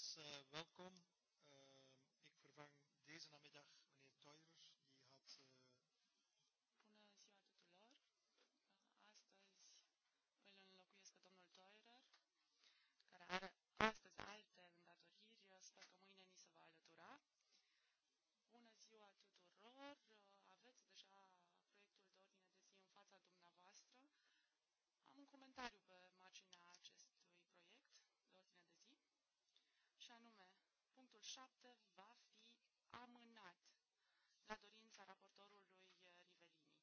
uh, welkom. Eh, ik vervang deze namiddag punctul 7 va fi amânat la dorința raportorului eh, Rivelini.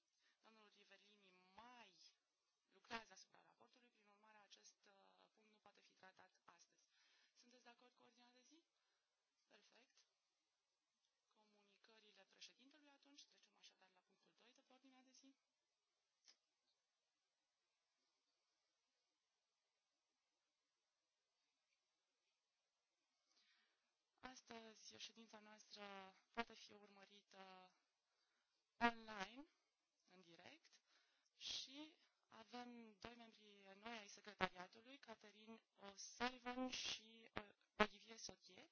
Domnul Rivelini mai lucrează asupra raportului, prin urmare acest eh, punct nu poate fi tratat astăzi. Sunteți de acord cu ordinea de zi? astăzi ședința noastră poate fi urmărită online, în direct, și avem doi membri noi ai secretariatului, Caterin O'Sullivan și Olivier Sotier.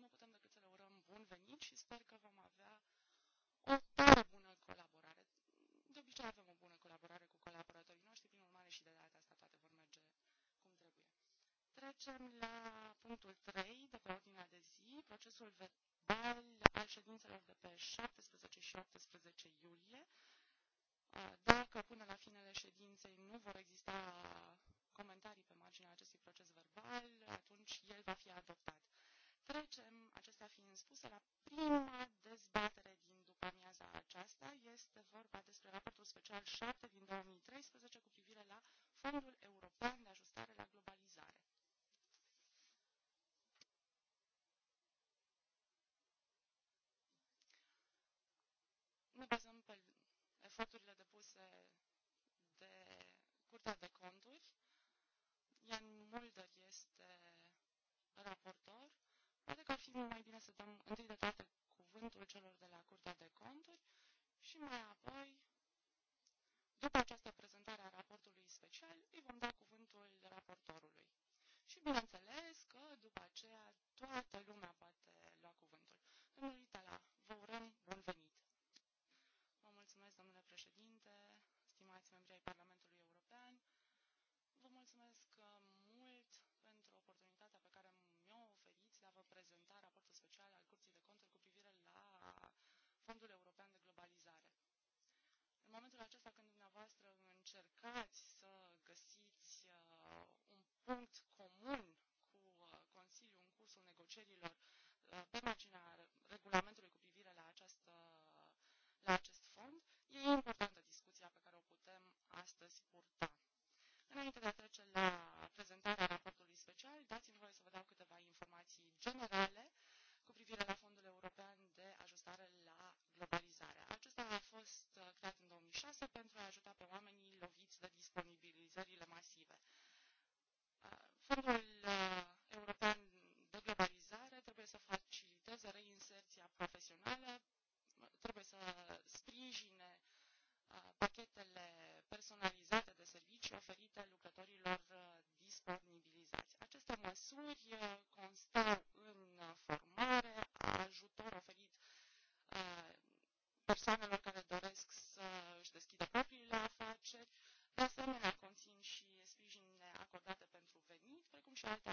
Nu putem decât să le urăm bun venit și sper că vom avea o tare bună colaborare. De obicei avem o bună colaborare cu colaboratorii noștri, prin urmare și de data asta Trecem la punctul 3 de pe ordinea de zi, procesul verbal al ședințelor de pe 17 și 18 iulie. Dacă până la finele ședinței nu vor exista comentarii pe marginea acestui proces verbal, atunci el va fi adoptat. Trecem, acestea fiind spuse, la prima dezbatere din după amiaza aceasta. Este vorba despre raportul special 7 din 2013 cu privire la Fondul European de Ajustare la Globalizare. Curtea de Conturi. Ian Mulder este raportor. Poate că ar fi mai bine să dăm întâi de toate cuvântul celor de la Curtea de Conturi și mai apoi, după această prezentare a raportului special, îi vom da cuvântul raportorului. Și bineînțeles că după aceea toată lumea poate lua cuvântul. Domnul Itala, vă urăm bun venit! Vă mulțumesc, domnule președinte, stimați membri ai Parlamentului reducerilor uh, pe marginea regulamentului cu privire la, această, la acest fond, e importantă discuția pe care o putem astăzi purta. Înainte de a trece la prezentarea raportului special, dați-mi voie să vă dau câteva informații generale cu privire la Fondul European de Ajustare la Globalizare. Acesta a fost uh, creat în 2006 pentru a ajuta pe oamenii loviți de disponibilizările masive. Uh, fondul constă în uh, formare, ajutor oferit uh, persoanelor care doresc să își deschidă propriile afaceri. De asemenea, conțin și sprijin acordate pentru venit, precum și alte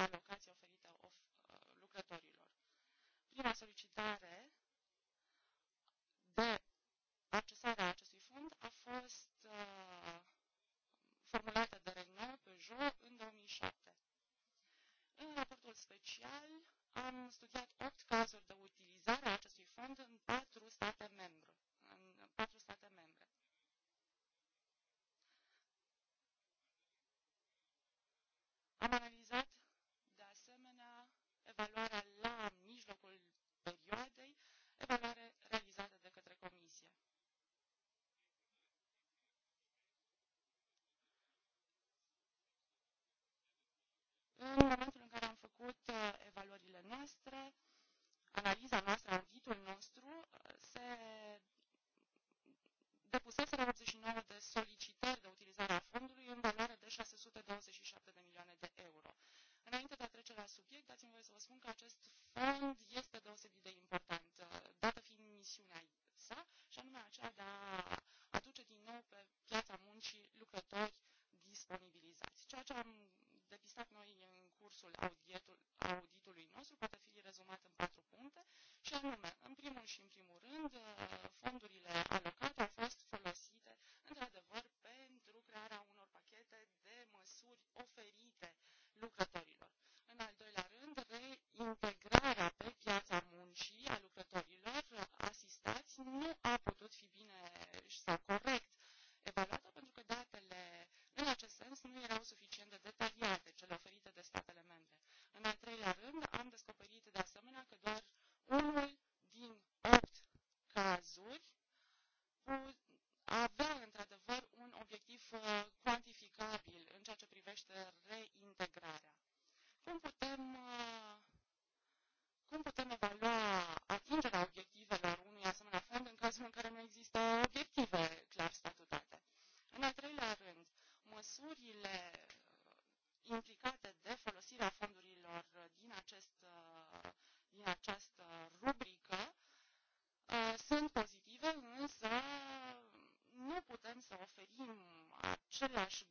Același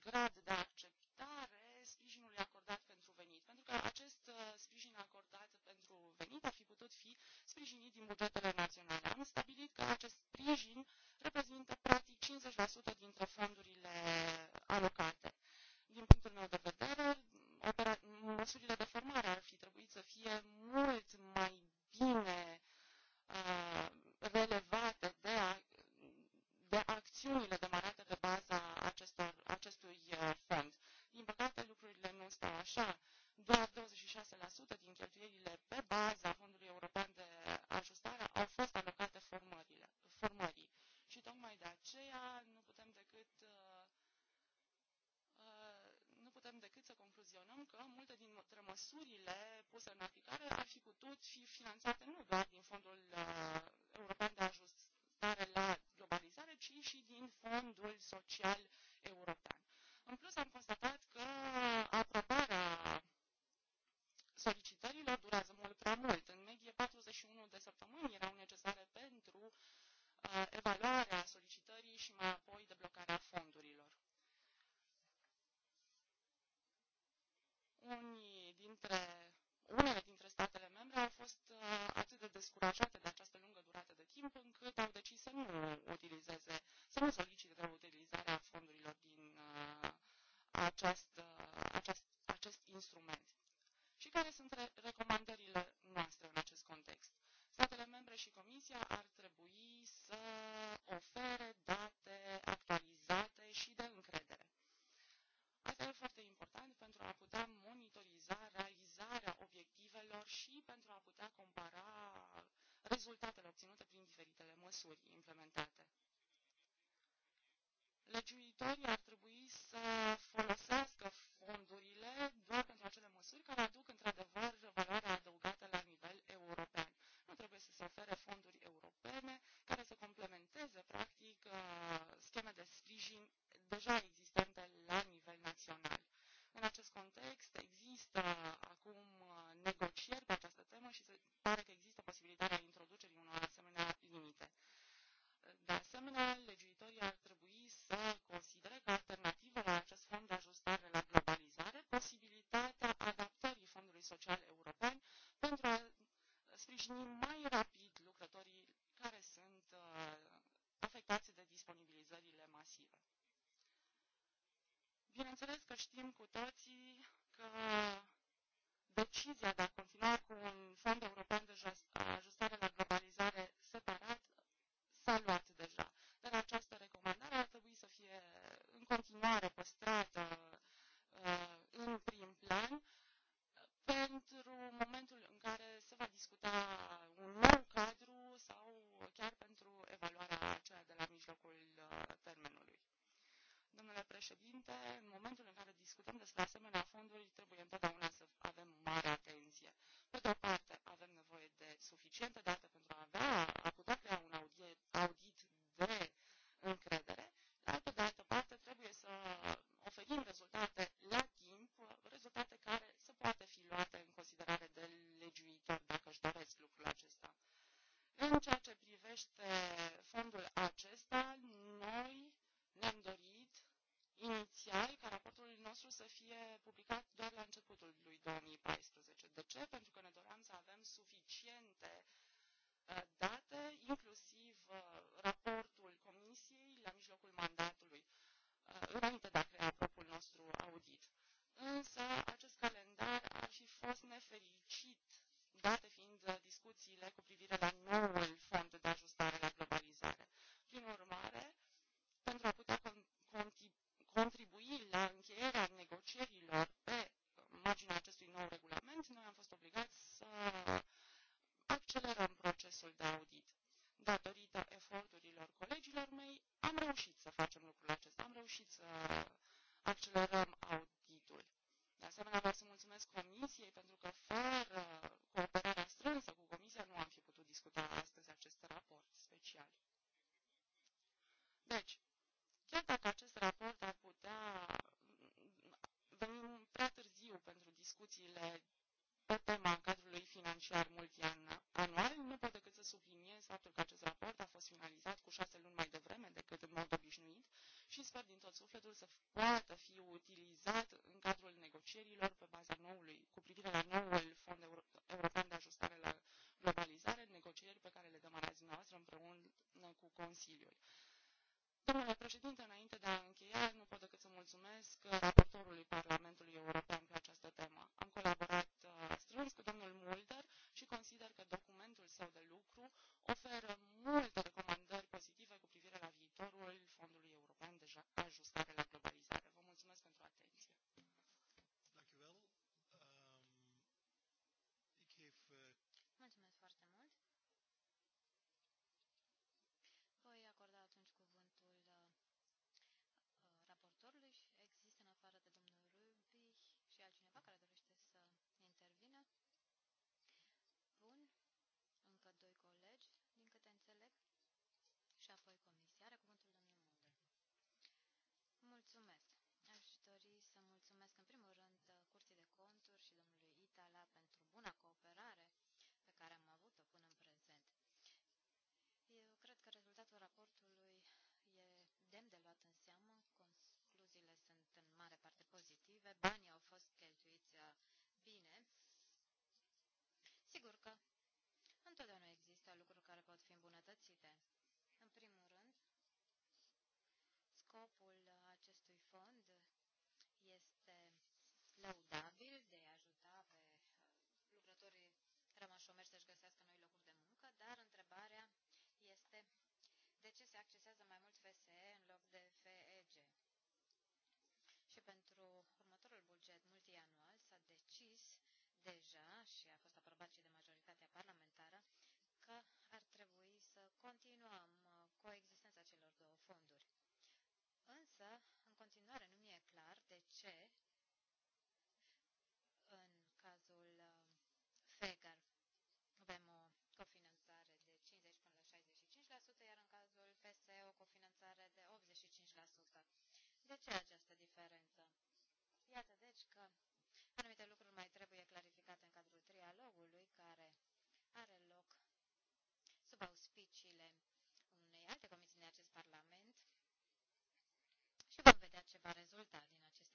social rezultatele obținute prin diferitele măsuri implementate. Legiuitorii ar trebui să folosească fondurile doar pentru acele măsuri care aduc într-adevăr valoarea adăugată la nivel european. Nu trebuie să se ofere fonduri europene care să complementeze, practic, scheme de sprijin deja existente Domnule președinte, înainte de a încheia, nu pot decât să mulțumesc uh, raportorului Parlamentului European pe această temă. Am colaborat uh, strâns cu domnul Mulder și consider că documentul său de lucru oferă multe Islanda pentru buna cooperare pe care am avut-o până în prezent. Eu cred că rezultatul raportului e demn de luat în seamă, concluziile sunt în mare parte pozitive, banii au fost cheltuiți uh, bine. Sigur că Dar întrebarea este de ce se accesează mai mult FSE în loc de FEG? Și pentru următorul buget multianual s-a decis deja și a fost aprobat și de majoritatea parlamentară că ar trebui să continuăm uh, coexistența celor două fonduri. Însă, De ce această diferență? Iată deci că anumite lucruri mai trebuie clarificate în cadrul trialogului care are loc sub auspiciile unei alte comisii din acest Parlament și vom vedea ce va rezulta din acest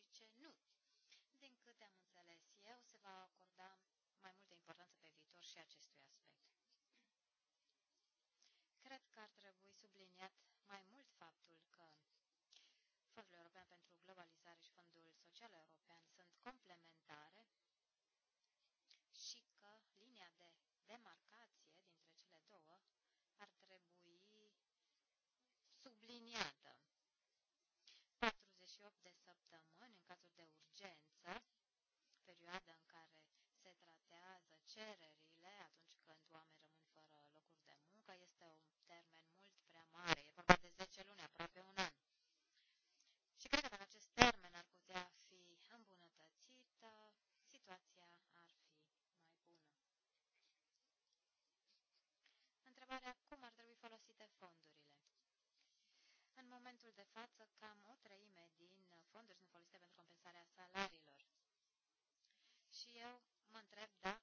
și ce nu. Din câte am înțeles eu, se va acorda mai multă importanță pe viitor și acestui aspect. Cred că ar trebui subliniat mai mult faptul că Fondul European pentru Globalizare și Fondul Social European perioada în care se tratează cererile atunci când oamenii rămân fără locuri de muncă este un termen mult prea mare. E vorba de 10 luni, aproape un an. Și cred că în acest termen ar putea fi îmbunătățit, situația ar fi mai bună. Întrebarea cum ar trebui folosite fondurile? În momentul de față, cam o treime din fonduri sunt folosite pentru compensarea salariilor și eu mă întreb dacă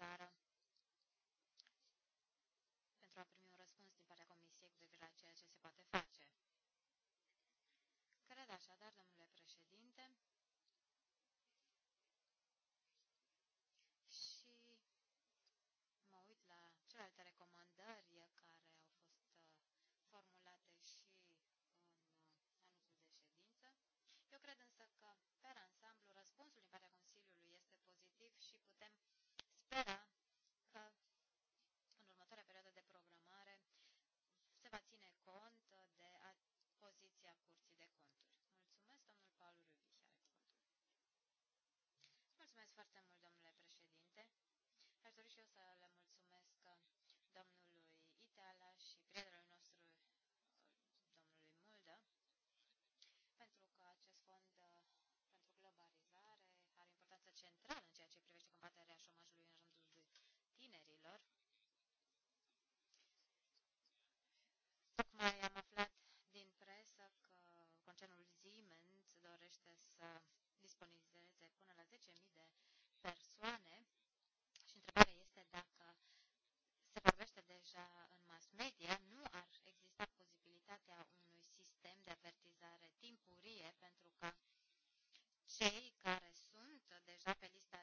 țară pentru a primi un răspuns din partea Comisiei cu privire la ceea ce se poate face. Cred așadar, domnule președinte, speră că în următoarea perioadă de programare se va ține cont de poziția Curții de Conturi. Mulțumesc, domnul Paul Rubic, are cuvântul. Mulțumesc foarte mult, domnule președinte. Aș dori și eu să le mulțumesc domnului Iteala și prietenul nostru, domnului Muldă, pentru că acest fond pentru globalizare are importanță centrală combaterea șomajului în rândul tinerilor. Tocmai am aflat din presă că concernul Siemens dorește să disponizeze până la 10.000 de persoane și întrebarea este dacă se vorbește deja în mass media, nu ar exista posibilitatea unui sistem de avertizare timpurie pentru ca cei care sunt deja pe lista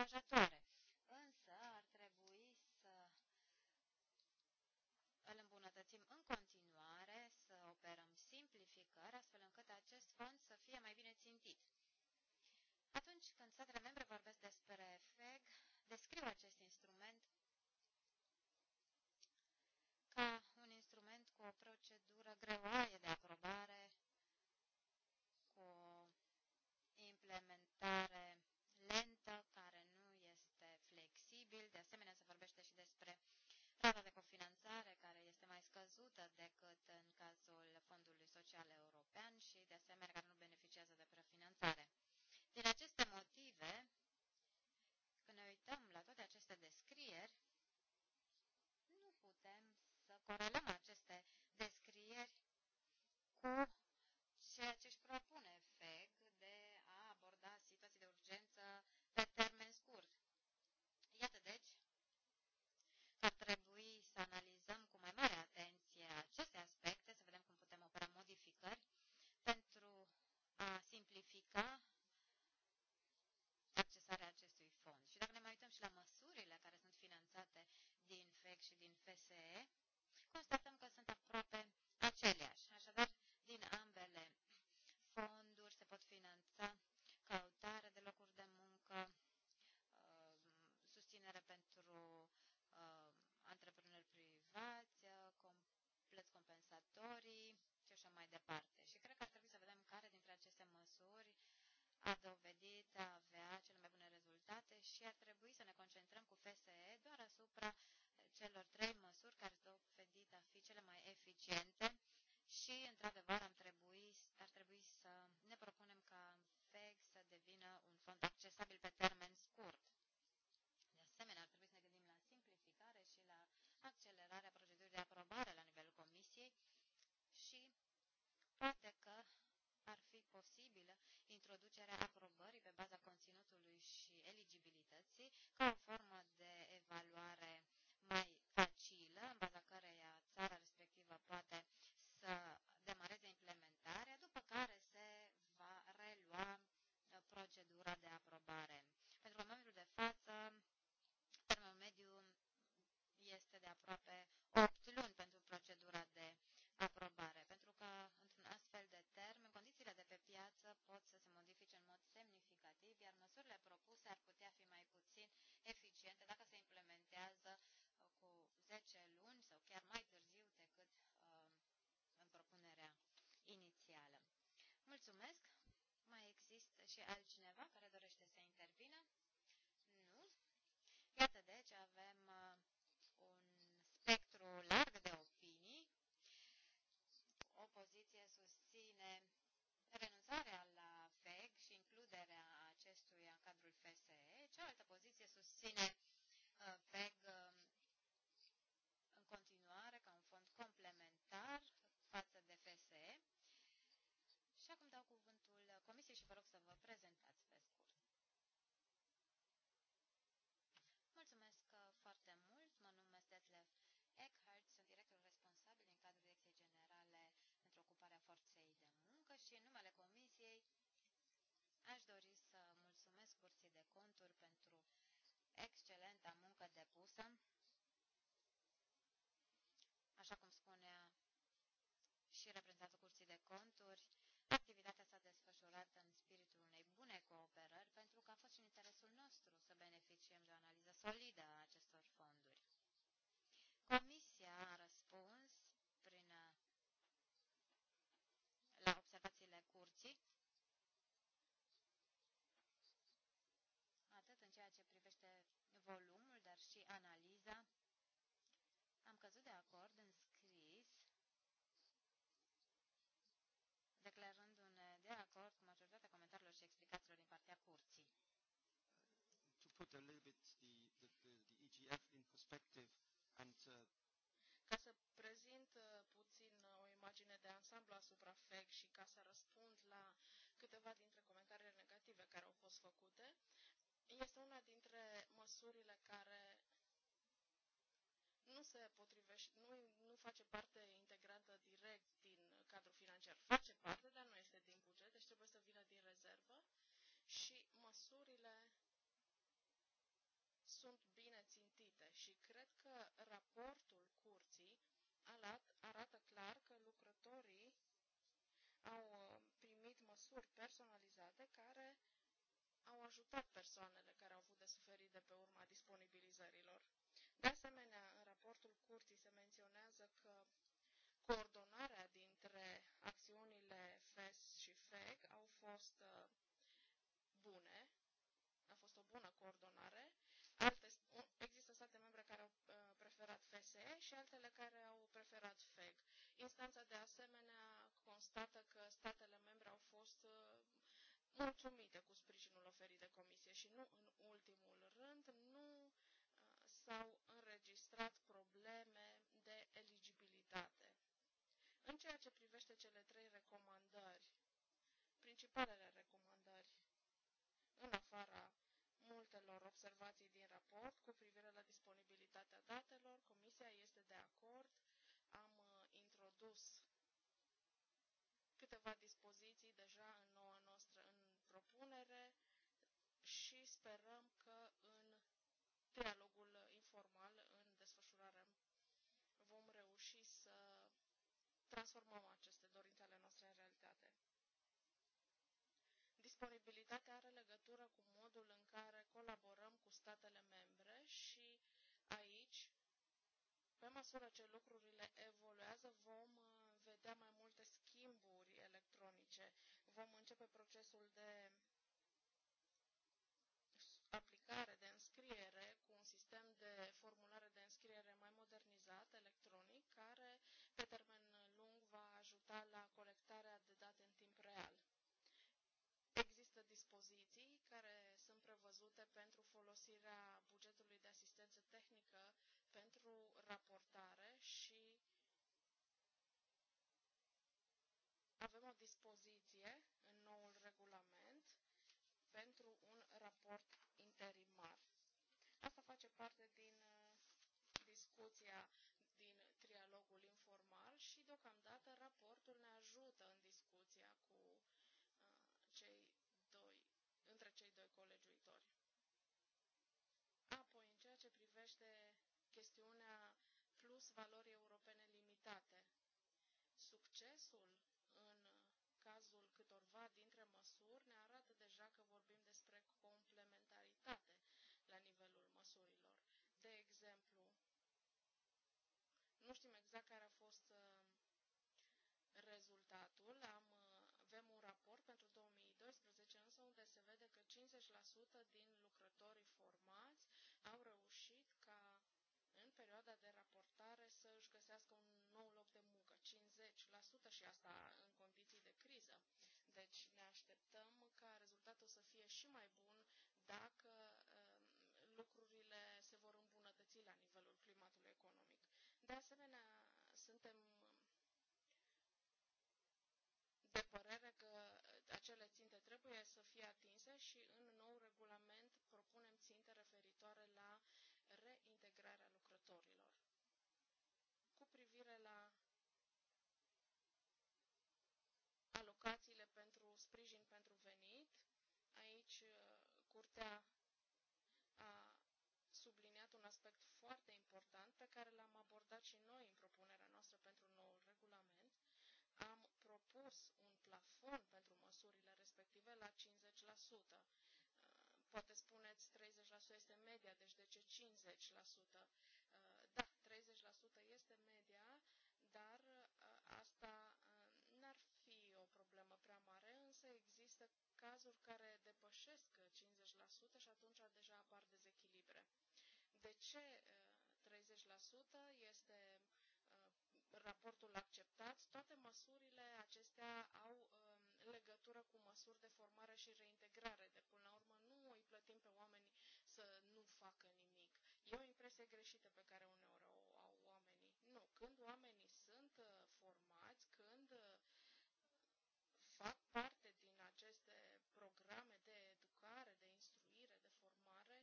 încurajatoare. a dovedit a avea cele mai bune rezultate și ar trebui să ne concentrăm cu FSE doar asupra celor trei măsuri care dovedit a fi cele mai eficiente și, într-adevăr, am și altcineva care dorește să intervină? Nu. Iată, deci, avem uh, un spectru larg de opinii. Opoziție susține renunțarea la FEG și includerea acestuia în cadrul FSE. Cealaltă poziție susține vă rog să vă prezentați pe scurt. Mulțumesc uh, foarte mult, mă numesc Detlef Eckhart, sunt directorul responsabil în cadrul Direcției Generale pentru Ocuparea Forței de Muncă și în numele Comisiei aș dori să mulțumesc Curții de Conturi pentru excelenta muncă depusă. Așa cum spunea și reprezentantul Curții de Conturi, cooperări pentru că a fost în interesul nostru să beneficiem de o analiză solidă a acestor fonduri. Comisia a răspuns prin uh, la observațiile curții, atât în ceea ce privește volumul, dar și analiza. Am căzut de acord în a little bit the, the, the, the EGF in perspective and uh, ca să prezint uh, puțin uh, o imagine de ansamblu asupra FEC și ca să răspund la câteva dintre comentariile negative care au fost făcute, este una dintre măsurile care nu se potrivește, nu, nu face parte integrantă direct din cadrul financiar. Face parte, dar nu este din buget, deci trebuie să vină din rezervă și măsurile sunt bine țintite și cred că raportul curții arată clar că lucrătorii au uh, primit măsuri personalizate care au ajutat persoanele care au avut de suferit de pe urma disponibilizărilor. De asemenea, în raportul curții se menționează că coordonarea din statele care au preferat FEG. Instanța de asemenea constată că statele membre au fost uh, mulțumite cu sprijinul oferit de comisie și nu în ultimul rând nu uh, s-au înregistrat probleme de eligibilitate. În ceea ce privește cele trei recomandări, principalele recomandări în afara punctelor observate din raport cu privire la disponibilitatea datelor. Comisia este de acord. Am uh, introdus câteva dispoziții deja în noua noastră în propunere și sperăm că în dialogul informal în desfășurare vom reuși să transformăm acest disponibilitatea are legătură cu modul în care colaborăm cu statele membre și aici, pe măsură ce lucrurile evoluează, vom uh, vedea mai multe schimburi electronice. Vom începe procesul de aplicare, de angajamente pentru folosirea bugetului de asistență tehnică pentru raportare și avem o dispoziție în noul regulament pentru un raport interimar. Asta face parte din uh, discuția din trialogul informal și deocamdată raportul ne ajută în discuție chestiunea plus valori europene limitate. Succesul în cazul câtorva dintre măsuri ne arată deja că vorbim despre complementaritate la nivelul măsurilor. De exemplu, nu știm exact care a fost uh, rezultatul. Am, uh, avem un raport pentru 2012, însă unde se vede că 50% din lucrătorii formați au reușit perioada de raportare să își găsească un nou loc de muncă, 50% și asta în condiții de criză. Deci ne așteptăm ca rezultatul să fie și mai bun dacă um, lucrurile se vor îmbunătăți la nivelul climatului economic. De asemenea, suntem de părere că acele ținte trebuie să fie atinse și în nou regulament propunem ținte referitoare la integrare a lucrătorilor. Cu privire la alocațiile pentru sprijin pentru venit, aici uh, Curtea a subliniat un aspect foarte important pe care l-am abordat și noi în propunerea noastră pentru noul regulament. Am propus un plafon pentru măsurile respective la 50%. Poate spuneți 30% este media, deci de ce 50%? Uh, da, 30% este media, dar uh, asta uh, n-ar fi o problemă prea mare, însă există cazuri care depășesc 50% și atunci deja apar dezechilibre. De ce 30% este raportul acceptat? Toate măsurile acestea au um, legătură cu măsuri de formare și reintegrare. De până la urmă plătim pe oameni să nu facă nimic. E o impresie greșită pe care uneori o au oamenii. Nu, când oamenii sunt uh, formați, când uh, fac parte din aceste programe de educare, de instruire, de formare,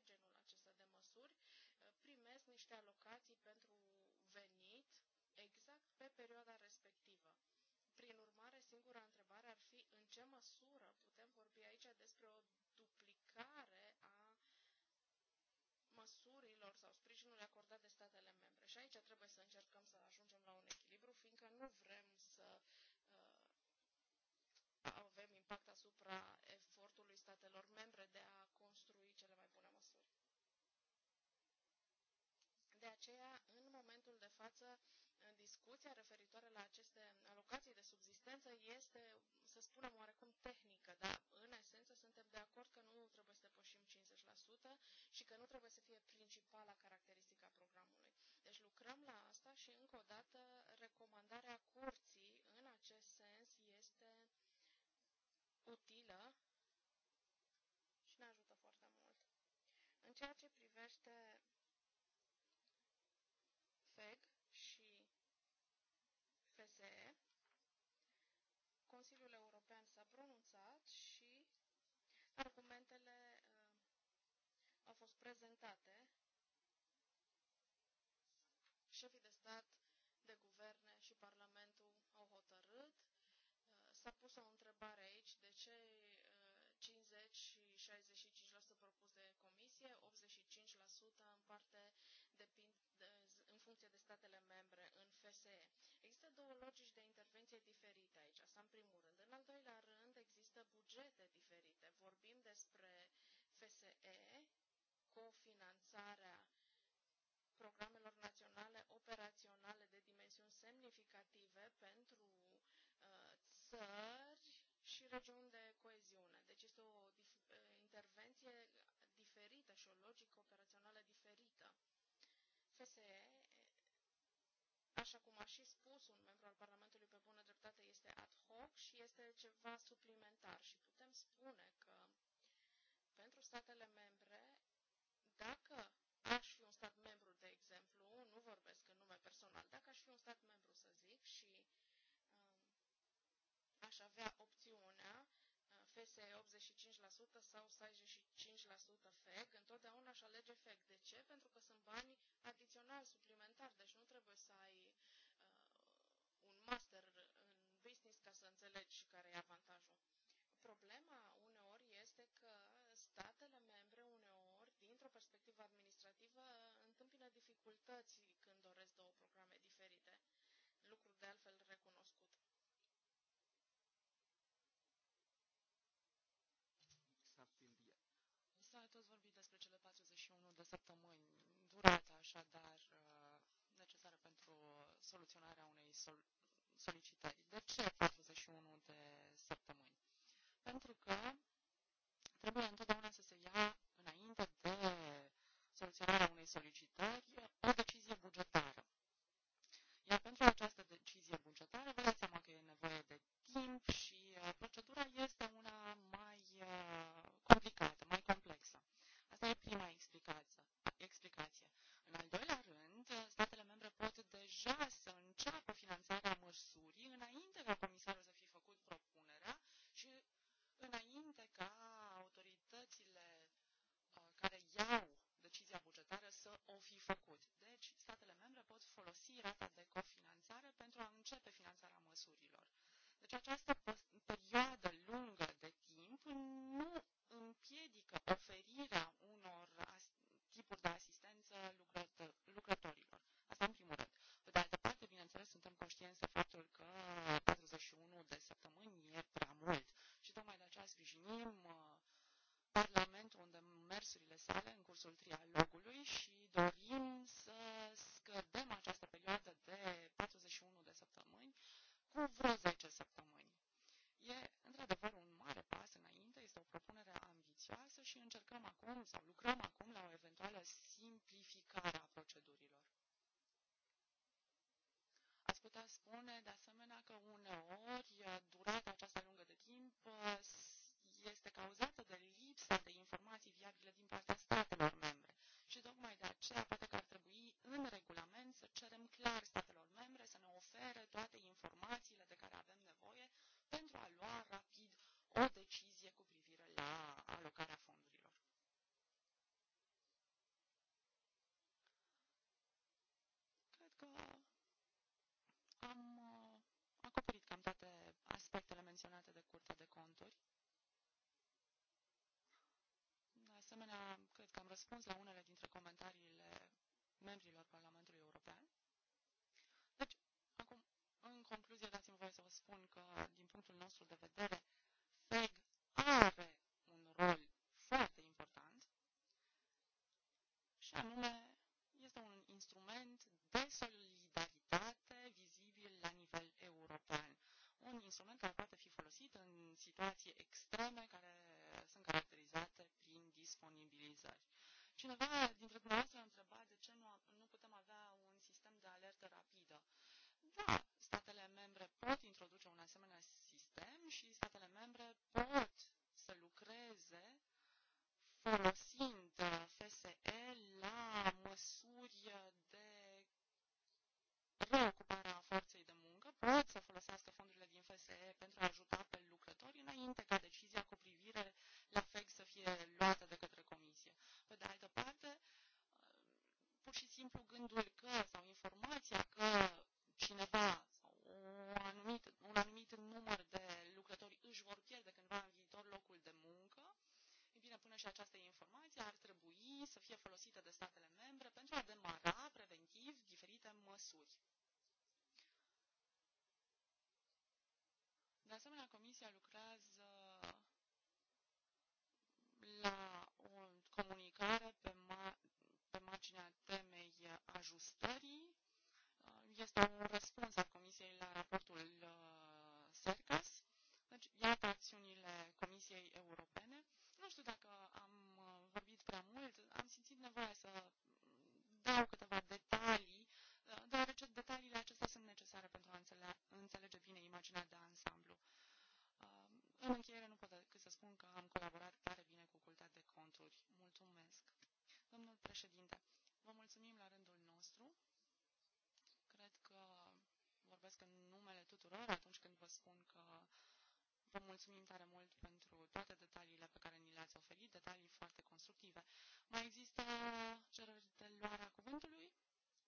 genul acesta de măsuri, uh, primesc niște alocații pentru venit exact pe perioada respectivă. Prin urmare, singura întrebare ar fi în ce măsură putem vorbi aici despre o sprijinul acordat de statele membre. Și aici trebuie să încercăm să ajungem la un echilibru, fiindcă nu vrem să uh, avem impact asupra efortului statelor membre de a construi cele mai bune măsuri. De aceea, în momentul de față, discuția referitoare la aceste alocații de subsistență este, să spunem, oarecum prezentate, șefii de stat, de guverne și Parlamentul au hotărât. Uh, s-a pus o întrebare aici de ce 50 uh, și 65% propus de comisie, 85% în parte depind de, în funcție de statele membre în FSE. Există două logici de intervenție diferite aici, asta în primul rând. În al doilea rând, există bugete diferite. Vorbim despre FSE cofinanțarea programelor naționale operaționale de dimensiuni semnificative pentru uh, țări și regiuni de coeziune. Deci este o uh, intervenție diferită și o logică operațională diferită. FSE, așa cum a și spus un membru al Parlamentului pe bună dreptate, este ad hoc și este ceva suplimentar și putem spune că pentru statele membre dacă aș fi un stat membru, de exemplu, nu vorbesc în nume personal, dacă aș fi un stat membru, să zic, și uh, aș avea opțiunea uh, FSE 85% sau 65% FEG, întotdeauna aș alege FEG. De ce? Pentru că sunt bani adiționali, suplimentari, deci nu trebuie să ai uh, un master în business ca să înțelegi care e avantajul. Problema uneori este că statele membre legislativă administrativă întâmpină dificultăți când doresc două programe diferite, lucru de altfel recunoscut. S-a tot vorbit despre cele 41 de săptămâni, durata așadar uh, necesară pentru soluționarea unei sol solicitări. De ce 41 de săptămâni? Pentru că trebuie întotdeauna să se ia înainte de soluționarea unei solicitări o decizie bugetară. Iar pentru această decizie bugetară, vă dați seama că e nevoie de timp și uh, procedura este una mai uh, procesul trialog. răspuns la cineva asemenea, Comisia lucrează la o comunicare pe, ma pe marginea temei ajustării. Este un răspuns al Comisiei la raportul uh, SERCAS. Deci, iată acțiunile Comisiei Europene. Nu știu dacă am uh, vorbit prea mult, am simțit nevoia să dau câteva detalii, uh, deoarece detaliile acestea sunt necesare pentru a înțelege bine imaginea de ansamblu. În încheiere nu pot decât să spun că am colaborat tare bine cu Cultea de Conturi. Mulțumesc! Domnul președinte, vă mulțumim la rândul nostru. Cred că vorbesc în numele tuturor atunci când vă spun că vă mulțumim tare mult pentru toate detaliile pe care ni le-ați oferit, detalii foarte constructive. Mai există cereri de luarea cuvântului?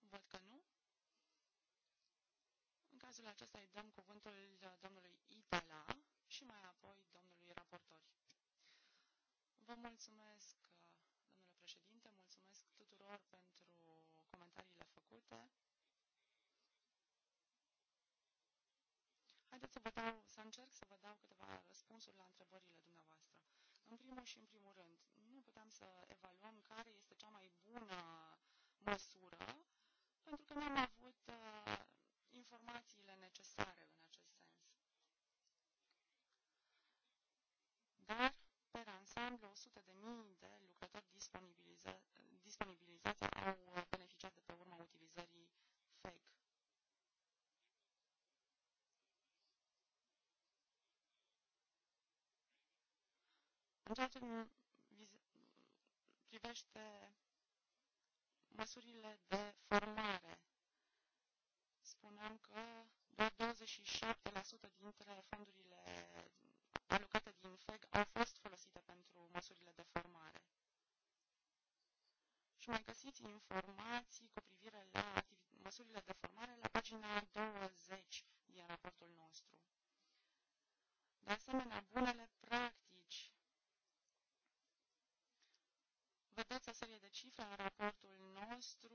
Văd că nu. În cazul acesta îi dăm cuvântul domnului Itala, și mai apoi domnului raportor. Vă mulțumesc, domnule președinte, mulțumesc tuturor pentru comentariile făcute. Haideți să vă dau, să încerc să vă dau câteva răspunsuri la întrebările dumneavoastră. În primul și în primul rând, nu puteam să evaluăm care este cea mai bună măsură, pentru că nu am avut uh, informațiile necesare dar, pe ansamblu, 100 de mii de lucrători disponibiliza- disponibilizați au beneficiat de pe urma utilizării FEG. În ceea ce privește măsurile de formare, spuneam că doar 27% dintre fondurile alocate din FEG au fost folosite pentru măsurile de formare. Și mai găsiți informații cu privire la măsurile de formare la pagina 20 din raportul nostru. De asemenea, bunele practici. Vedeți o serie de cifre în raportul nostru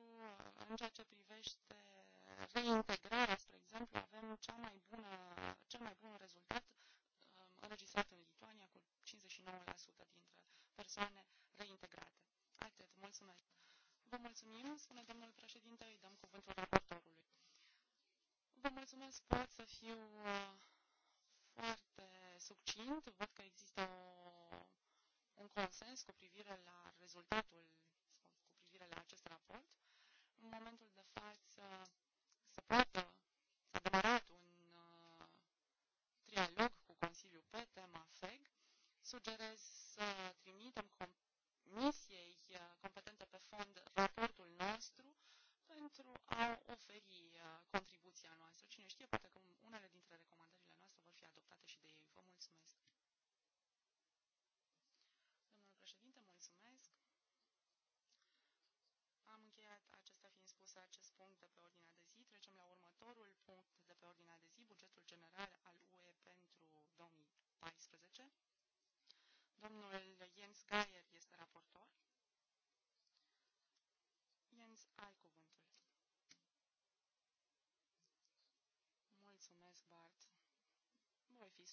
în ceea ce privește reintegrarea, spre exemplu, avem cea mai bună, cel mai bun rezultat înregistrat în Lituania cu 59% dintre persoane reintegrate. Atât, mulțumesc. Vă mulțumim, spune domnul președinte, îi dăm cuvântul raportorului. Vă mulțumesc, pot să fiu uh, foarte succint, văd că există un consens cu privire la rezultatul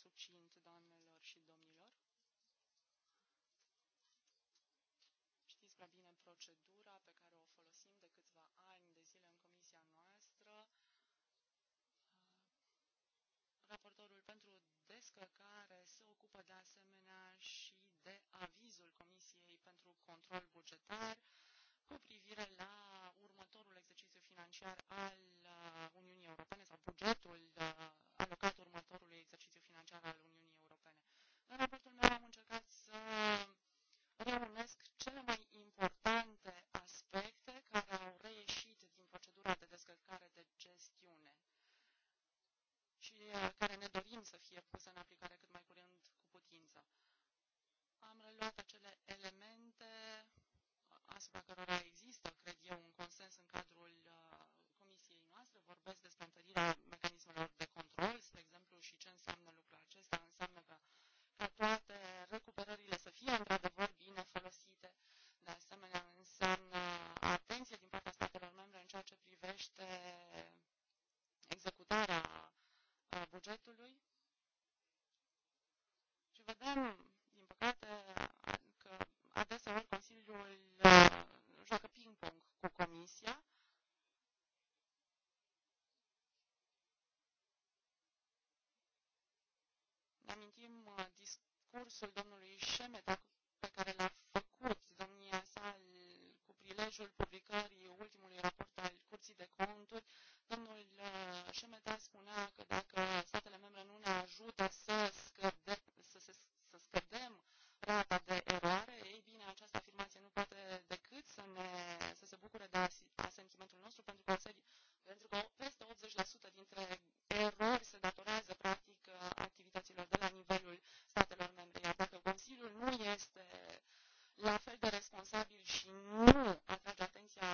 succint, doamnelor și domnilor. Știți prea bine procedura pe care o folosim de câțiva ani de zile în comisia noastră. Raportorul pentru descărcare se ocupă de asemenea și de avizul Comisiei pentru Control Bugetar cu privire la următorul exercițiu financiar al uh, Uniunii Europene sau bugetul uh, financiară al Uniunii Europene. În raportul meu am încercat să reunesc cele mai importante aspecte care au reieșit din procedura de descărcare de gestiune și uh, care ne dorim să fie pusă în aplicare discursul domnului Șemeta la fel de responsabil și nu atrage atenția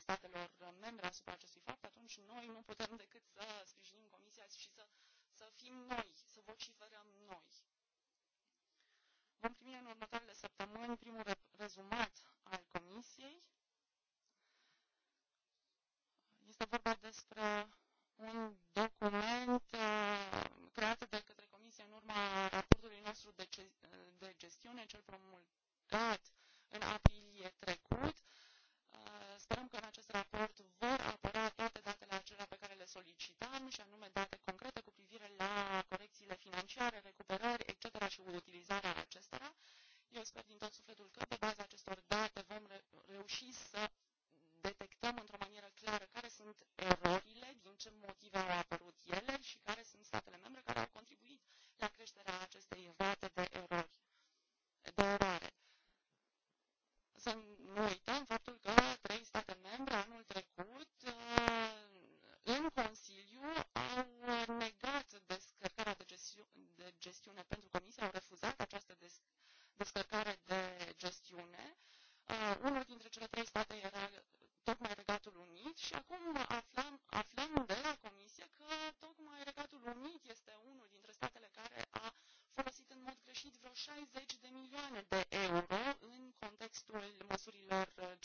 statelor membre asupra acestui fapt, atunci noi nu putem decât să sprijinim Comisia și să, să fim noi, să vociferăm noi. Vom primi în următoarele săptămâni primul rezumat al Comisiei. Este vorba despre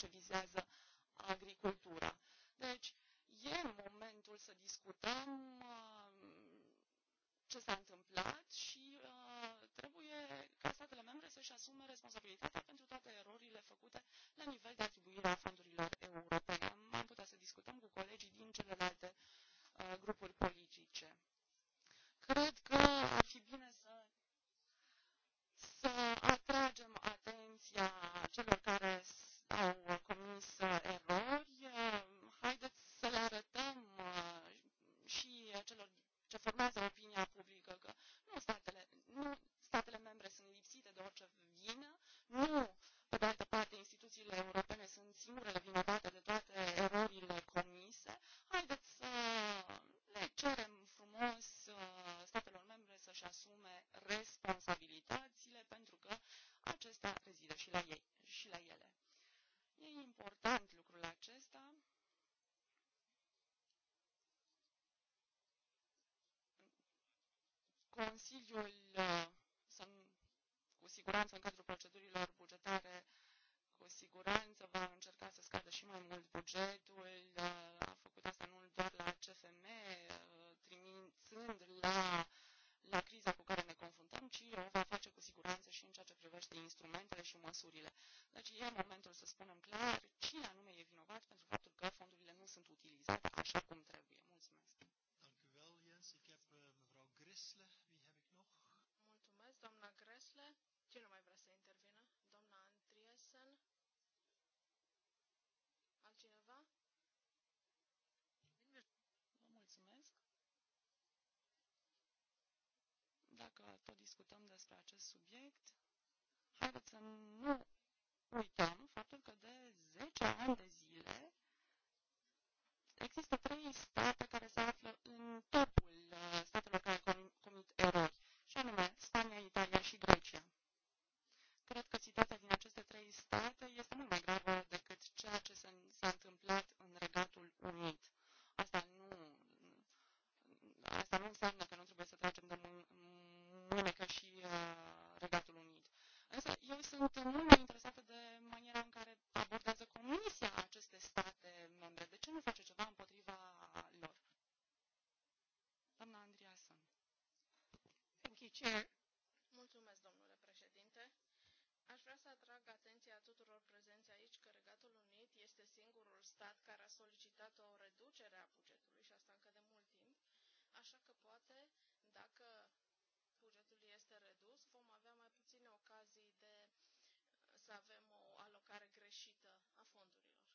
ce vizează cadrul, uh, să, cu siguranță în cadrul procedurilor bugetare, cu siguranță va încerca să scadă și mai mult bugetul. Uh, a făcut asta nu doar la CFM, uh, trimițând la, la criza cu care ne confruntăm, ci o va face cu siguranță și în ceea ce privește instrumentele și măsurile. Deci e momentul să spunem clar cine anume e vinovat pentru faptul că fondurile nu sunt utilizate așa cum trebuie. Mulțumesc! Dank u wel, Jens. Ik heb mevrouw Gressle doamna Gresle. Cine mai vrea să intervină? Doamna Andriesen? Altcineva? Vă mulțumesc. Dacă tot discutăm despre acest subiect, haideți să nu uităm faptul că de 10 ani de zile există trei state care se află în topul uh, statelor care comit erori și anume Spania, Italia și Grecia. Cred că situația din aceste trei state este mult mai gravă decât ceea ce s-a întâmplat în Regatul Unit. Asta nu, asta nu înseamnă că nu trebuie să tragem de ca și uh, Regatul Unit. Însă eu sunt mult mai interesată de maniera în care abordează Comisia aceste state membre. De ce nu face ceva împotriva Chair. Mulțumesc, domnule președinte. Aș vrea să atrag atenția tuturor prezenți aici că Regatul Unit este singurul stat care a solicitat o reducere a bugetului și asta încă de mult timp, așa că poate, dacă bugetul este redus, vom avea mai puține ocazii de să avem o alocare greșită a fondurilor.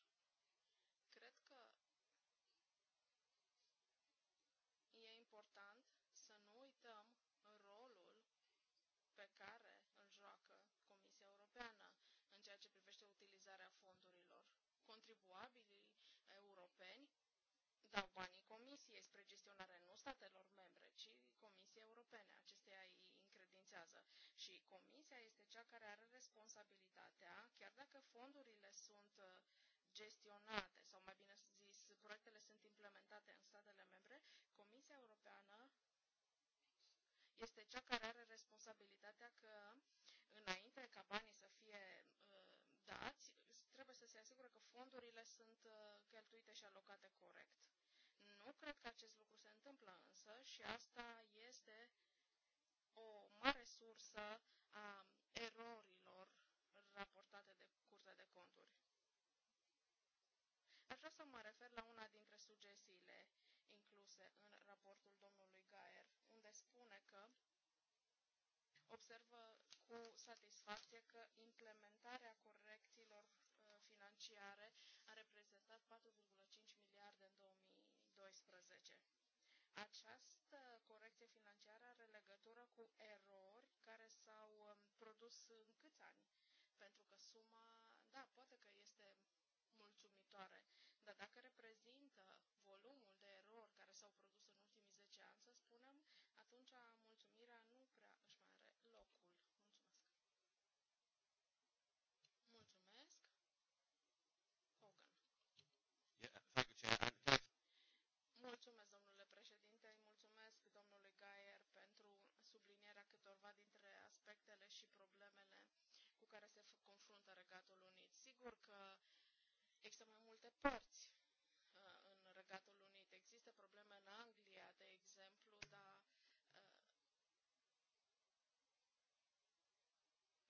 Cred că e important contribuabilii europeni dau banii Comisiei spre gestionare nu statelor membre, ci Comisiei Europene. Acesteia îi încredințează și Comisia este cea care are responsabilitatea, chiar dacă fondurile sunt uh, gestionate sau mai bine zis, proiectele sunt implementate în statele membre, Comisia Europeană este cea care are responsabilitatea că înainte ca banii să fie uh, dați, fondurile sunt uh, cheltuite și alocate corect. Nu cred că acest lucru se întâmplă însă și asta este o mare sursă a erorilor raportate de Curtea de Conturi. Aș vrea să mă refer la una dintre sugestiile incluse în raportul domnului Gaer, unde spune că observă cu satisfacție că implementarea corecții financiare a reprezentat 4,5 miliarde în 2012. Această corecție financiară are legătură cu erori care s-au um, produs în câți ani, pentru că suma, da, poate că este mulțumitoare, dar dacă reprezintă volumul de erori care s-au produs în ultimii 10 ani, să spunem, atunci Mulțumesc, domnule președinte, îi mulțumesc domnului Gaier pentru sublinierea câtorva dintre aspectele și problemele cu care se confruntă Regatul Unit. Sigur că există mai multe părți uh, în Regatul Unit. Există probleme în Anglia, de exemplu, dar uh,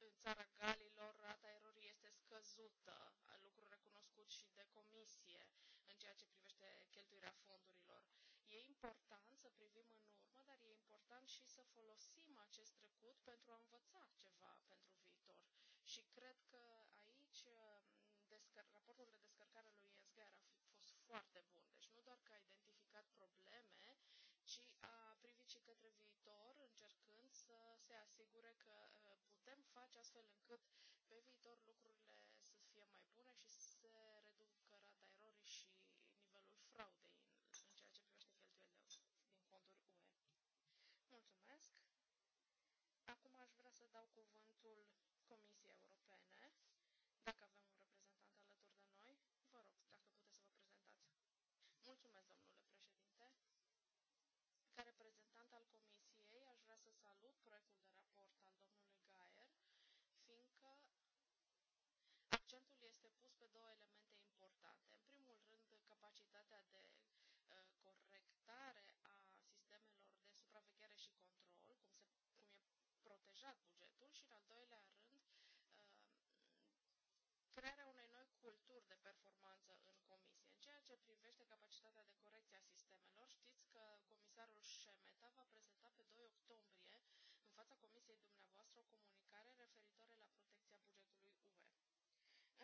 în țara Galilor rata erorii este scăzută, lucru recunoscut și de comisie în ceea ce privește cheltuirea fondurilor. E important să privim în urmă, dar e important și să folosim acest trecut pentru a învăța ceva pentru viitor. Și cred că aici uh, descăr- raportul de descărcare lui ISG a fost foarte bun. Deci nu doar că a identificat probleme, ci a privit și către viitor, încercând să se asigure că uh, putem face astfel încât pe viitor lucrurile raportul Comisiei Europene. Dacă avem un reprezentant alături de noi, vă rog, dacă puteți să vă prezentați. Mulțumesc, domnule președinte. Ca reprezentant al Comisiei, aș vrea să salut proiectul de raport al domnului Gaier, fiindcă accentul este pus pe două elemente importante. În primul rând, capacitatea de protejat bugetul și, în al doilea rând, uh, crearea unei noi culturi de performanță în comisie. În ceea ce privește capacitatea de corecție a sistemelor, știți că comisarul Șemeta va prezenta pe 2 octombrie în fața comisiei dumneavoastră o comunicare referitoare la protecția bugetului UE.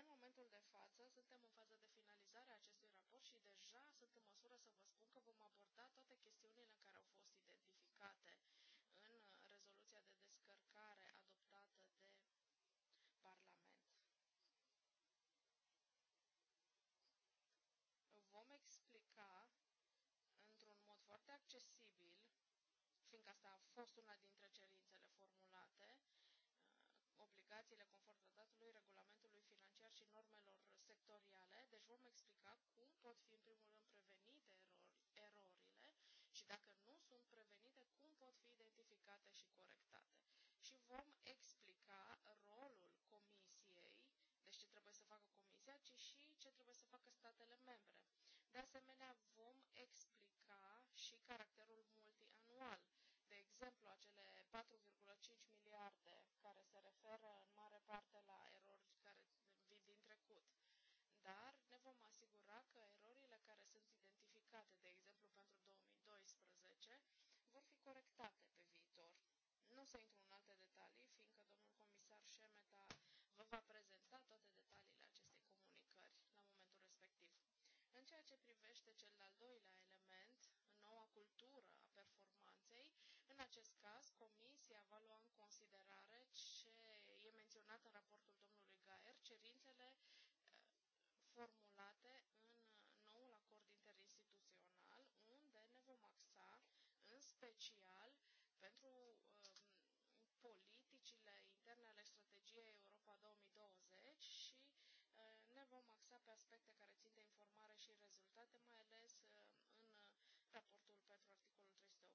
În momentul de față, suntem în fază de finalizare a acestui raport și deja sunt în măsură să vă spun că vom aborda toate chestiunile care au fost identificate Aceasta a fost una dintre cerințele formulate, uh, obligațiile conform tratatului, regulamentului financiar și normelor sectoriale. Deci vom explica cum pot fi, în primul rând, prevenite erori, erorile și, dacă nu sunt prevenite, cum pot fi identificate și corectate. Și vom explica rolul comisiei, deci ce trebuie să facă comisia, ci și ce trebuie să facă statele membre. De asemenea, vom explica și caracteristicile 4,5 miliarde, care se referă în mare parte la erori care vin din trecut. Dar ne vom asigura că erorile care sunt identificate, de exemplu pentru 2012, vor fi corectate pe viitor. Nu o să intru în alte detalii, fiindcă domnul comisar Șemeta vă va prezenta toate detaliile acestei comunicări la momentul respectiv. În ceea ce privește cel de-al doilea element, noua cultură în acest caz, Comisia va lua în considerare ce e menționat în raportul domnului Gaer, cerințele eh, formulate în noul acord interinstituțional, unde ne vom axa în special pentru ehm, politicile interne ale strategiei Europa 2020 și uh, ne vom axa pe aspecte care țin de informare și rezultate, mai ales uh, în raportul pentru articolul 318.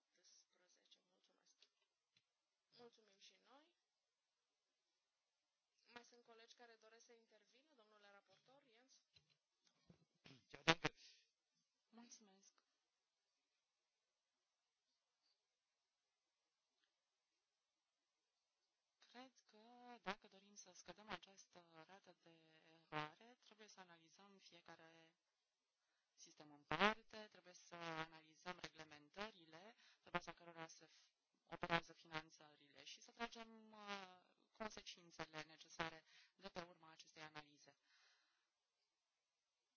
Mulțumesc! Cred că dacă dorim să scădem această rată de eroare, trebuie să analizăm fiecare sistem în parte, trebuie să analizăm reglementările pe baza cărora se operează finanțările și să tragem uh, consecințele necesare de pe urma acestei analize.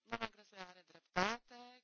Doamna Grăsle are dreptate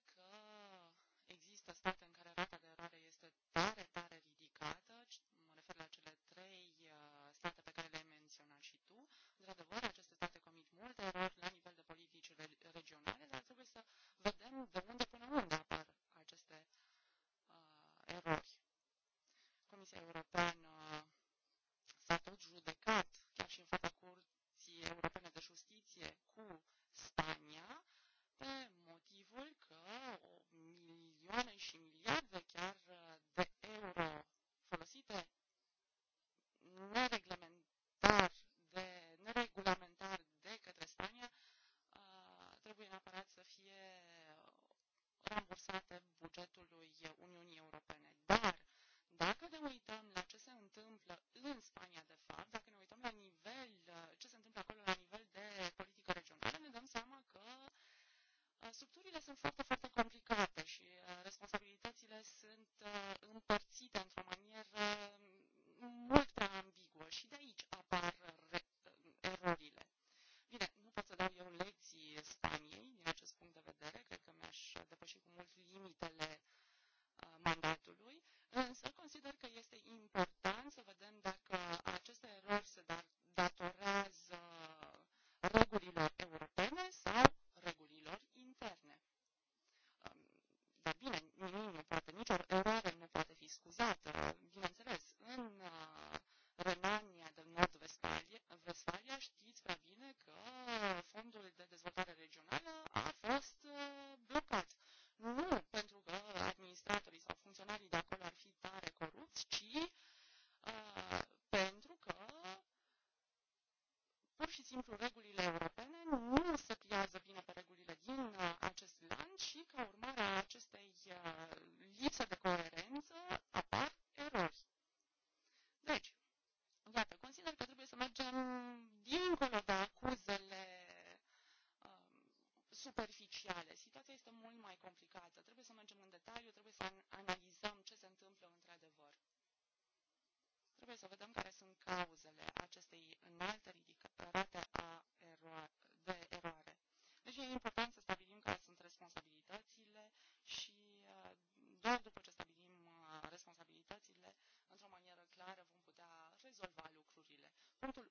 Structurile sunt foarte, foarte complicate.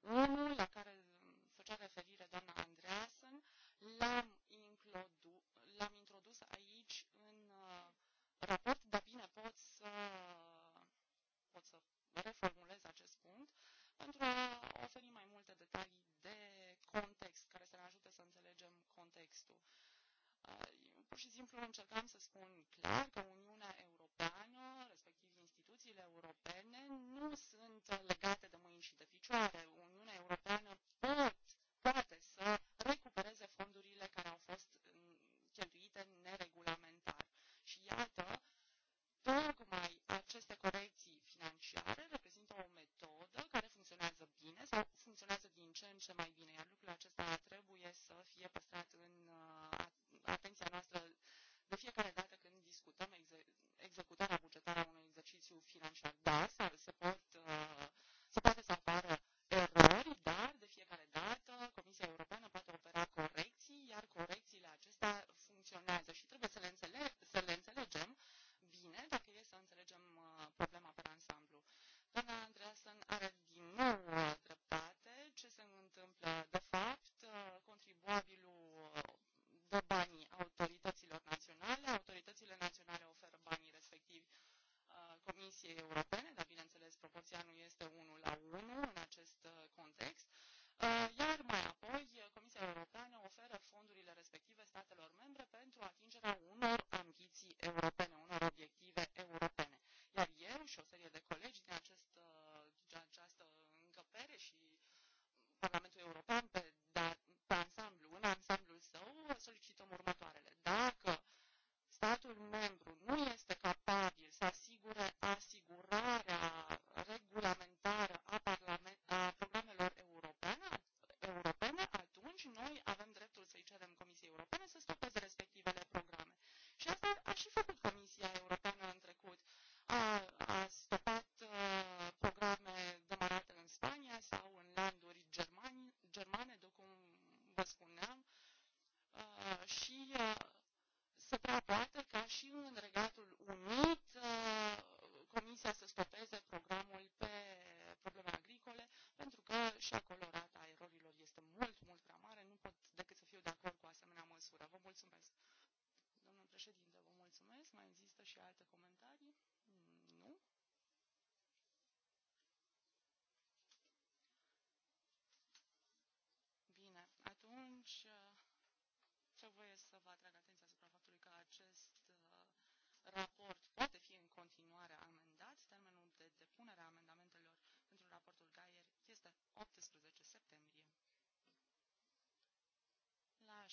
1, la care făcea referire doamna Andreasen, l-am, l-am introdus aici în uh, raport, dar bine pot să, pot să reformulez acest punct pentru a oferi mai multe detalii de context, care să ne ajute să înțelegem contextul. Uh, pur și simplu încercam să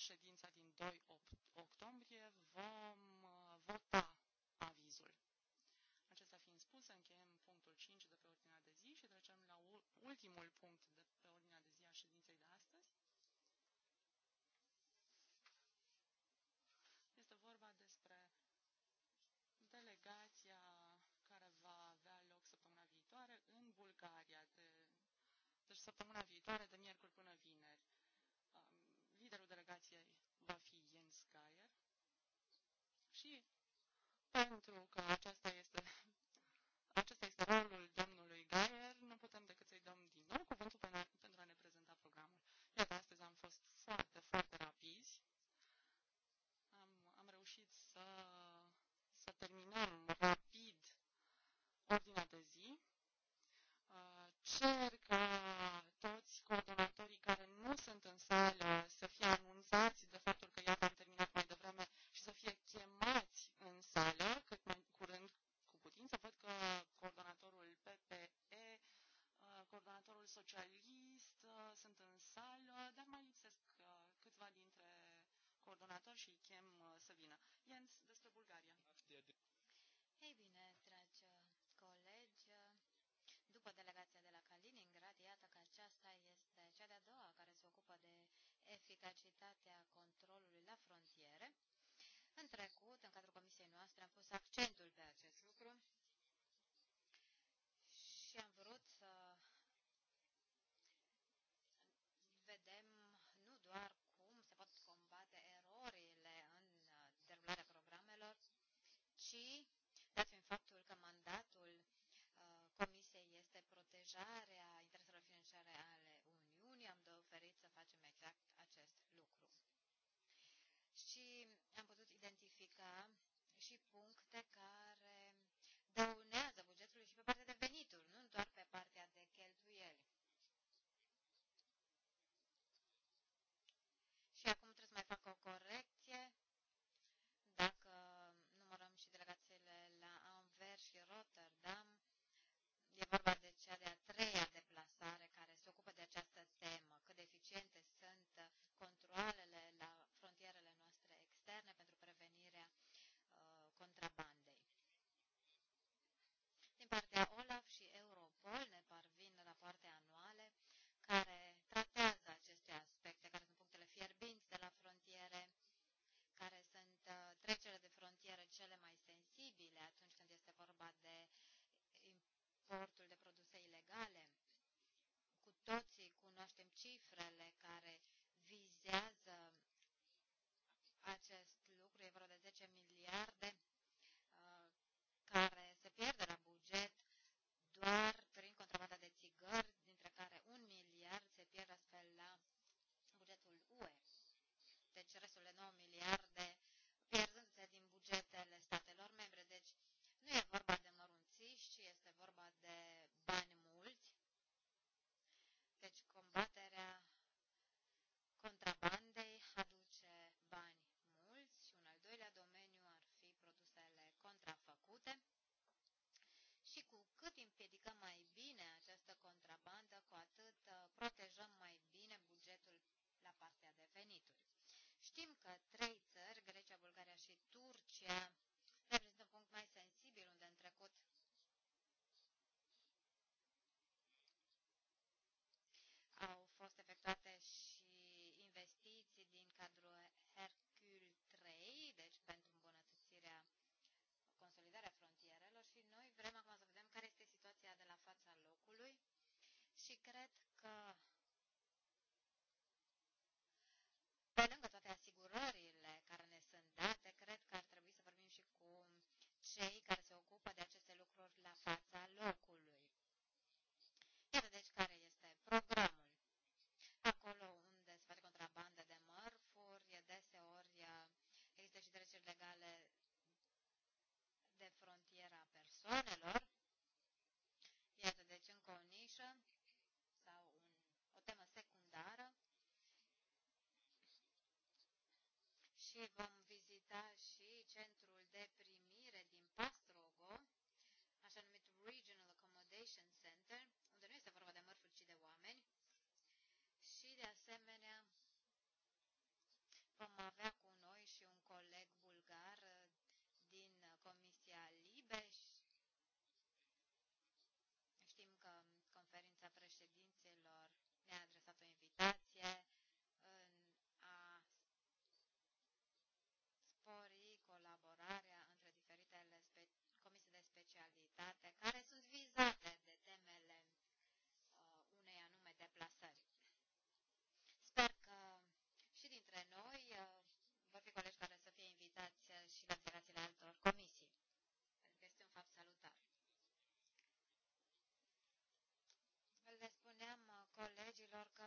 ședința din că Partidul Socialist uh, sunt în sală, dar mai lipsesc uh, câțiva dintre coordonatori și îi chem uh, să vină. Jens, despre Bulgaria. Ei bine, dragi colegi, după delegația de la Kaliningrad, iată că aceasta este cea de-a doua care se ocupă de eficacitatea controlului la frontiere. În trecut, în cadrul comisiei noastre, am pus accentul pe acest și, dat fiind faptul că mandatul uh, Comisiei este protejarea intereselor financiare ale Uniunii, am dorit să facem exact acest lucru. Și am putut identifica și puncte care și vom doar că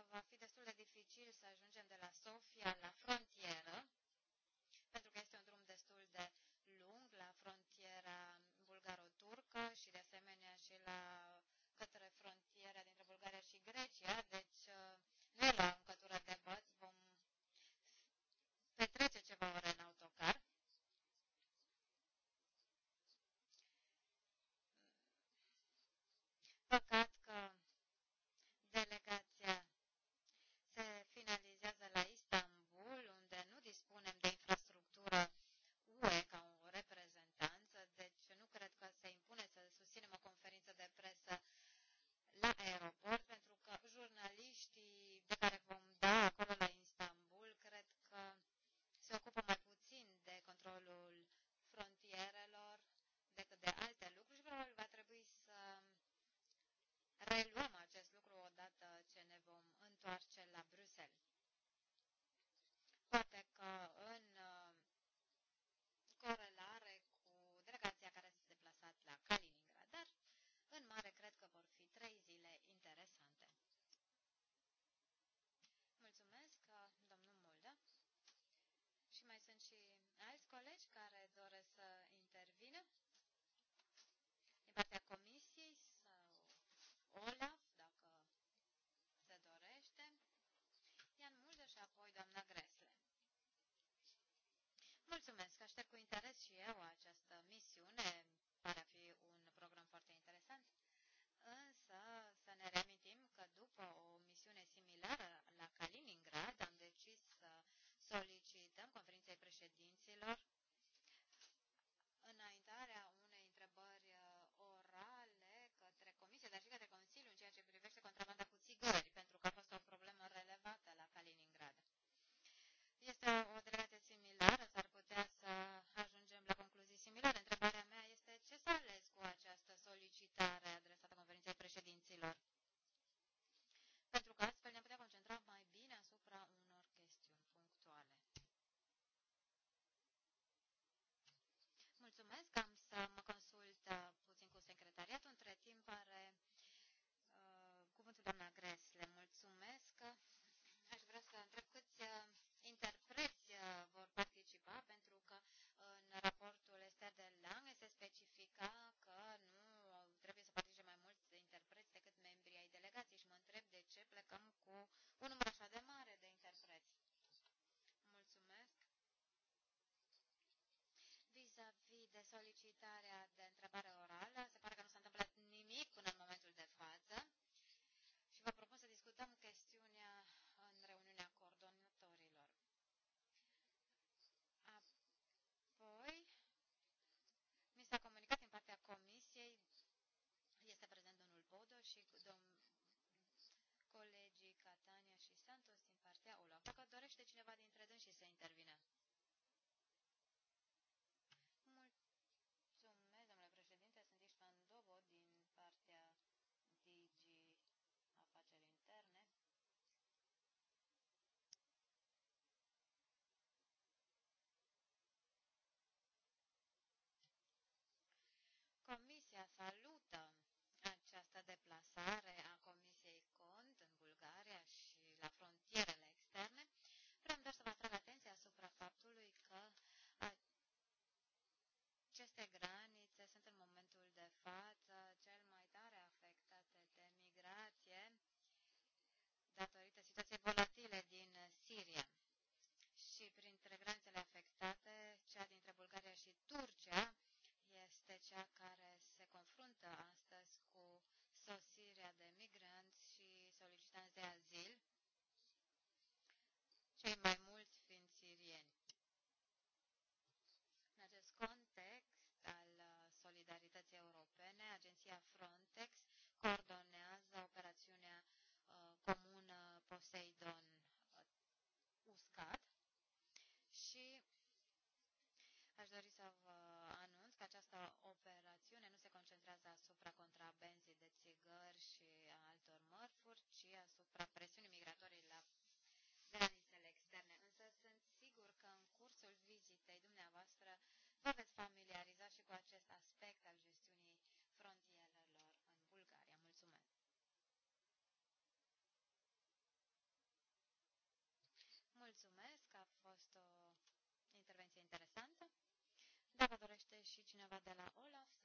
Dacă dorește și cineva de la Olaf să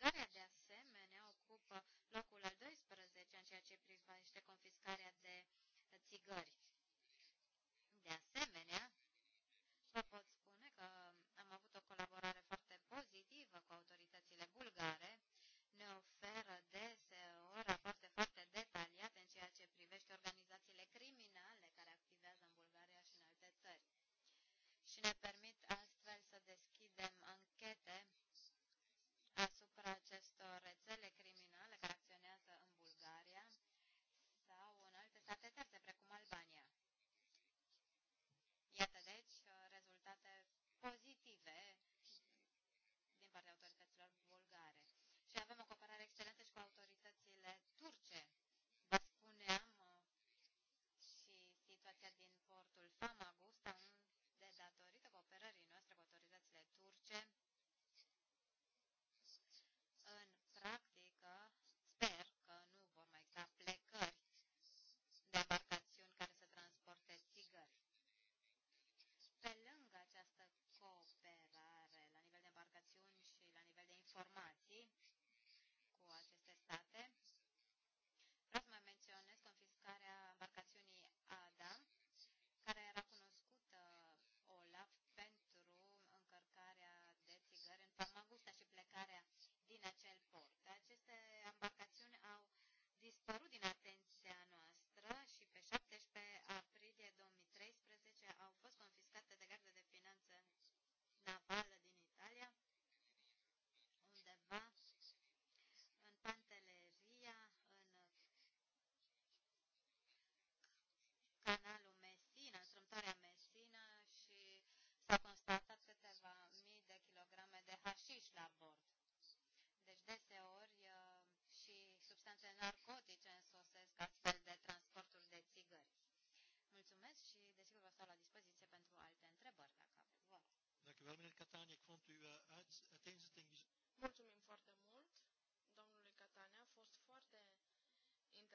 Promulgarea de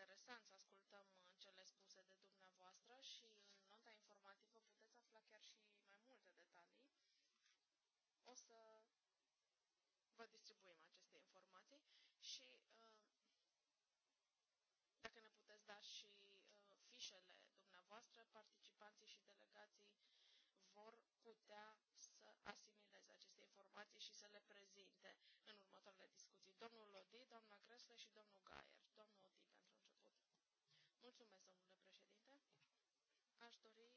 interesant să ascultăm uh, cele spuse de dumneavoastră și în nota informativă puteți afla chiar și mai multe detalii. O să vă distribuim aceste informații și uh, dacă ne puteți da și uh, fișele dumneavoastră, participanții și delegații vor putea să asimileze aceste informații și să le prezinte în următoarele discuții. Domnul Lodi, doamna Gresle și domnul Gaier. Domnul Lodi pentru Mulțumesc, domnule președinte. Aș dori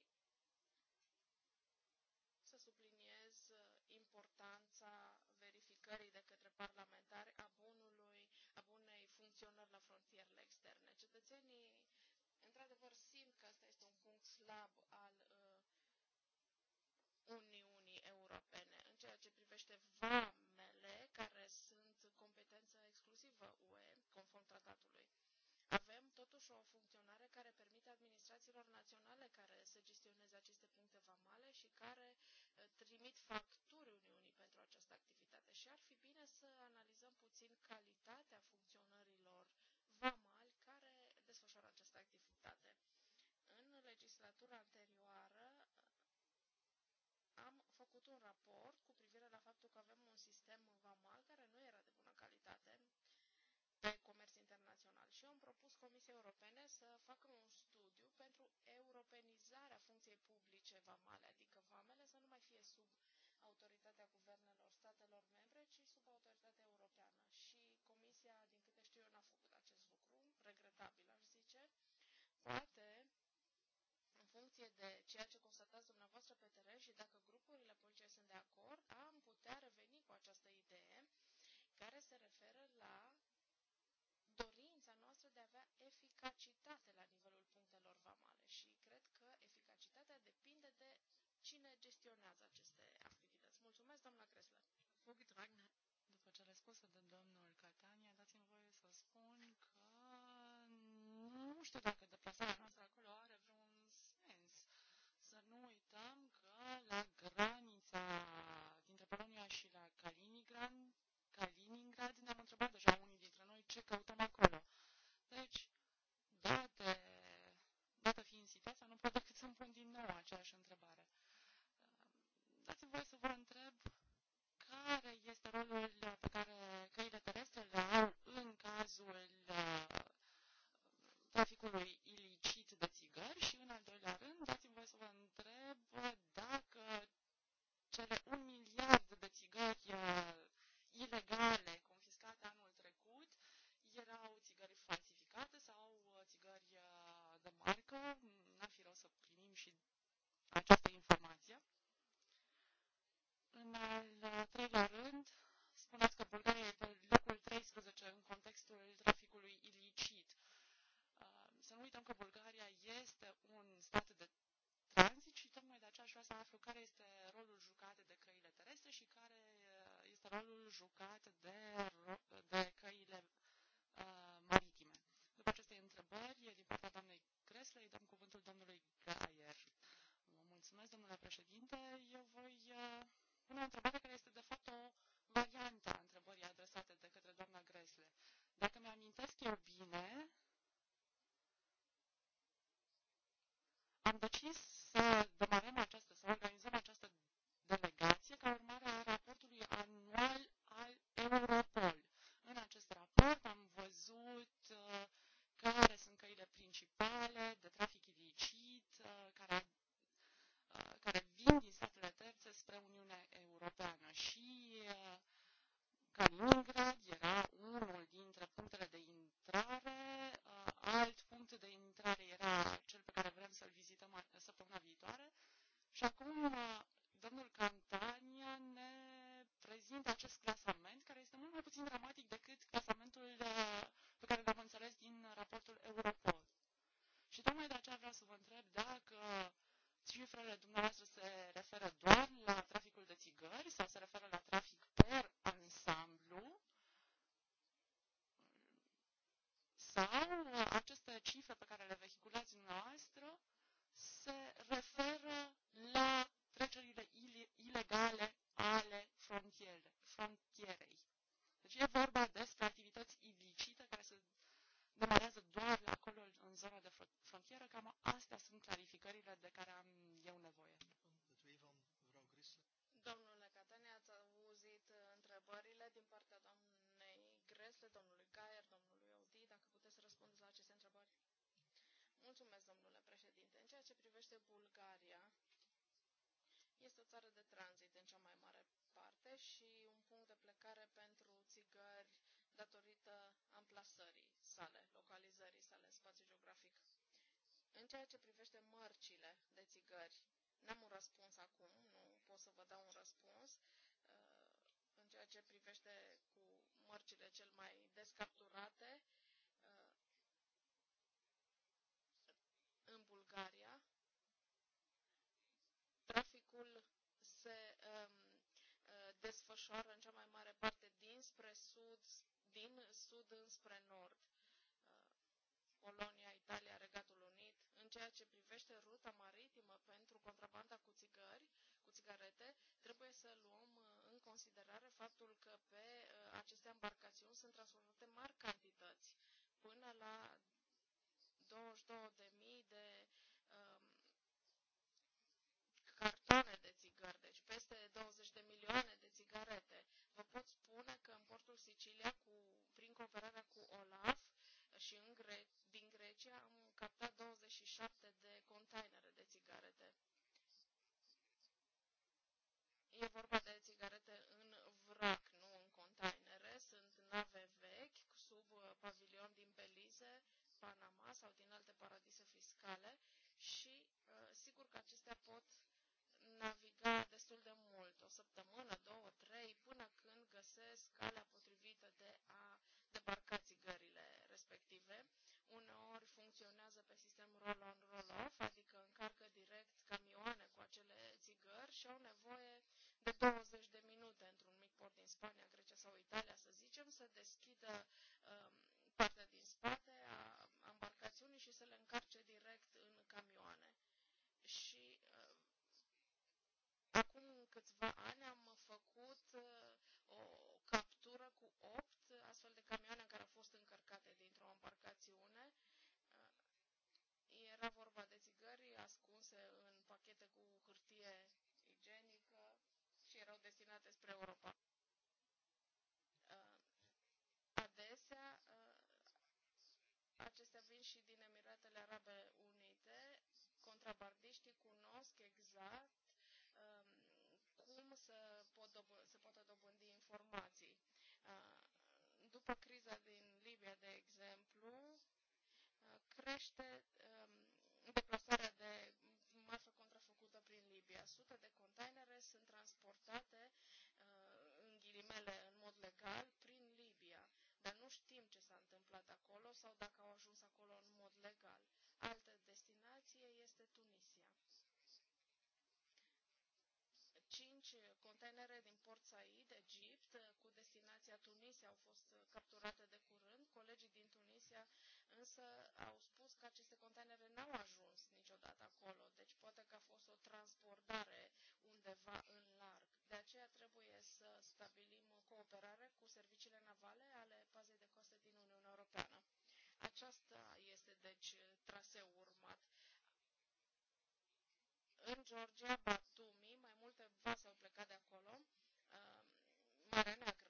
să subliniez uh, importanța verificării de către parlamentari a bunului, a bunei funcționări la frontierele externe. Cetățenii, într-adevăr, simt că asta este un punct slab al uh, Uniunii Europene. În ceea ce privește vamele, care sunt competența exclusivă UE, totuși o funcționare care permite administrațiilor naționale care să gestioneze aceste puncte vamale și care uh, trimit facturi Uniunii pentru această activitate. Și ar fi bine să analizăm puțin calitatea funcționărilor vamali care desfășoară această activitate. În legislatura anterioară uh, am făcut un raport cu privire la faptul că avem un sistem vamal care nu era și eu am propus Comisiei Europene să facă un studiu pentru europenizarea funcției publice vamale, adică vamele să nu mai fie sub autoritatea guvernelor statelor membre, ci sub autoritatea europeană. Și Comisia, din câte știu eu, n-a făcut acest lucru, regretabil, aș zice. Poate, în funcție de ceea ce constatați dumneavoastră pe teren și dacă grupurile politice sunt de acord, am putea reveni cu această idee care se referă la Cine gestionează aceste activități? Mulțumesc, doamna Cresler. După cele spuse de domnul Catania, dați-mi voie să spun că nu știu dacă este rolul pe care căile terestre le au în cazul uh, traficului ce privește cu mărcile cel mai des capturate uh, în Bulgaria. Traficul se um, uh, desfășoară în cea mai mare parte dinspre sud, din sud înspre nord. Uh, Polonia, Italia, Regatul Unit. În ceea ce privește ruta maritimă pentru contrabanda cu țigări, cu țigarete, trebuie să luăm considerare faptul că pe uh, aceste embarcațiuni sunt transportate mari cantități, până la 22.000 de um, cartoane de țigări, deci peste 20 de milioane de țigarete. Vă pot spune că în portul Sicilia, cu, prin cooperarea cu OLAF și în Gre- din Grecia, am captat 27 de containere de țigarete. E vorba de țigarete în vrac, nu în containere. Sunt nave vechi sub uh, pavilion din Belize, Panama sau din alte paradise fiscale și uh, sigur că acestea pot naviga destul de mult, o săptămână, două, trei, până când găsesc calea potrivită de a debarca țigările respective. Uneori funcționează pe sistem roll-on, roll-off, adică încarcă direct camioane cu acele țigări și au nevoie de 20 de minute într-un mic port din Spania, Grecia sau Italia, să zicem, să deschidă um, partea din spate a embarcațiunii și să le încarce direct în camioane. Și uh, acum câțiva ani am făcut uh, o captură cu 8 astfel de camioane care au fost încărcate dintr-o embarcațiune. Uh, era vorba de țigări ascunse în pachete cu hârtie erau destinate spre Europa. Uh, adesea, uh, acestea vin și din Emiratele Arabe Unite. Contrabandiștii cunosc exact um, cum să, pot dobândi, se poată dobândi informații. Uh, după criza din Libia, de exemplu, crește um, deplasarea de 100 de containere sunt transportate uh, în ghilimele în mod legal prin Libia, dar nu știm ce s-a întâmplat acolo sau dacă au ajuns acolo în mod legal. Altă destinație este Tunisia. Cinci containere din Port Said, Egipt, cu destinația Tunisia au fost capturate de curând. Colegii din Tunisia însă au spus că aceste containere n-au ajuns niciodată acolo, deci poate că a fost o transbordare undeva în larg. De aceea trebuie să stabilim o cooperare cu serviciile navale ale pazei de coste din Uniunea Europeană. Aceasta este, deci, traseul urmat. În Georgia, Batumi, mai multe vase au plecat de acolo, uh, Marea Neagră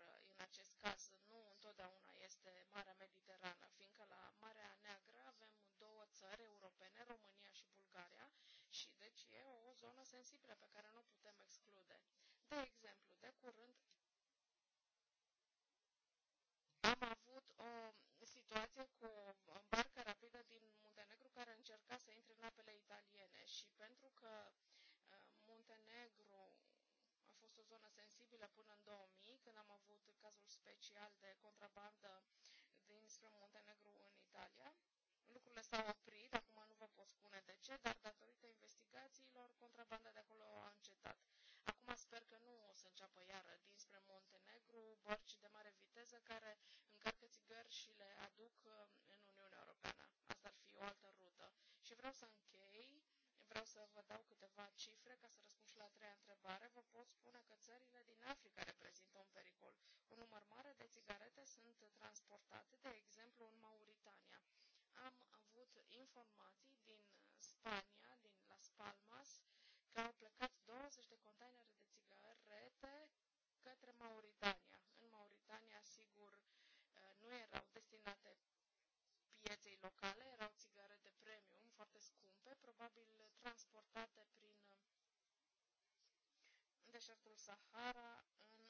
și deci e o zonă sensibilă pe care nu putem exclude. De exemplu, de curând am avut o situație cu o barcă rapidă din Muntenegru care încerca să intre în apele italiene și pentru că uh, Muntenegru a fost o zonă sensibilă până în 2000, când am avut cazul special de contrabandă dinspre Muntenegru în Italia, lucrurile s-au oprit, acum nu vă pot spune de ce, dar dacă banda de acolo a încetat. Acum sper că nu o să înceapă iară dinspre Montenegru bărci de mare viteză care încarcă țigări și le aduc uh, în Uniunea Europeană. Asta ar fi o altă rută. Și vreau să închei, vreau să vă dau câteva cifre ca să răspund și la a treia întrebare. Vă pot spune că țările din Africa reprezintă un pericol. Un număr mare de țigarete sunt transportate, de exemplu, în Mauritania. Am avut informații din Spania, din Las Palmas, destinate pieței locale, erau țigare de premium, foarte scumpe, probabil transportate prin uh, deșertul Sahara în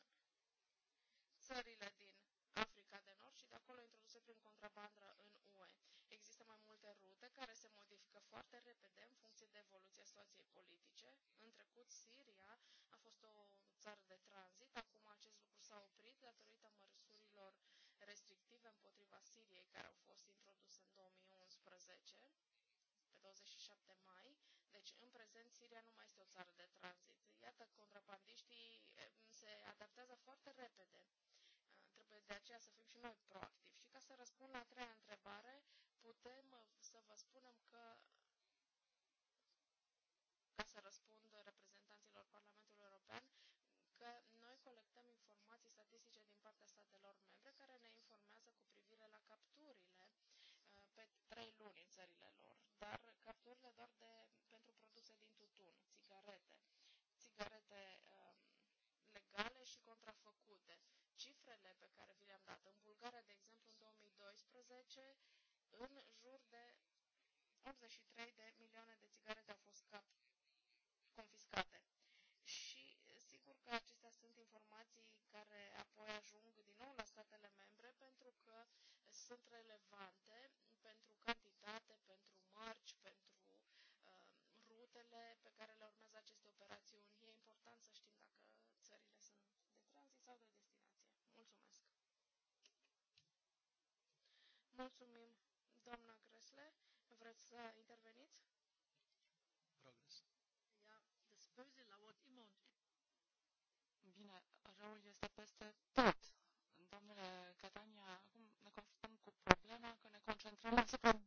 țările din Africa de Nord și de acolo introduse prin contrabandă în UE. Există mai multe rute care se modifică foarte repede în funcție de evoluția situației politice. În trecut, Siria a fost o țară de tranzit, acum acest lucru s-a oprit datorită măsurilor restrictive împotriva Siriei care au fost introduse în 2011, pe 27 mai, deci în prezent Siria nu mai este o țară de tranzit. Iată, contrabandiștii eh, se adaptează foarte repede. Ah, trebuie de aceea să fim și noi proactivi. Și ca să răspund la a treia întrebare, putem eh, să vă spunem că ca să răspund reprezentanților Parlamentului European, statelor membre care ne informează cu privire la capturile uh, pe trei luni în țările lor, dar capturile doar de, pentru produse din tutun, țigarete, țigarete um, legale și contrafăcute. Cifrele pe care vi le-am dat în Bulgaria, de exemplu, în 2012, în jur de 83 de milioane de țigarete au fost capturate sunt relevante pentru cantitate, pentru mărci, pentru uh, rutele pe care le urmează aceste operațiuni. E important să știm dacă țările sunt de tranzit sau de destinație. Mulțumesc! Mulțumim, doamna Gresle. Vreți să interveniți? Progres. Bine, răul este peste tot acțiuni asupra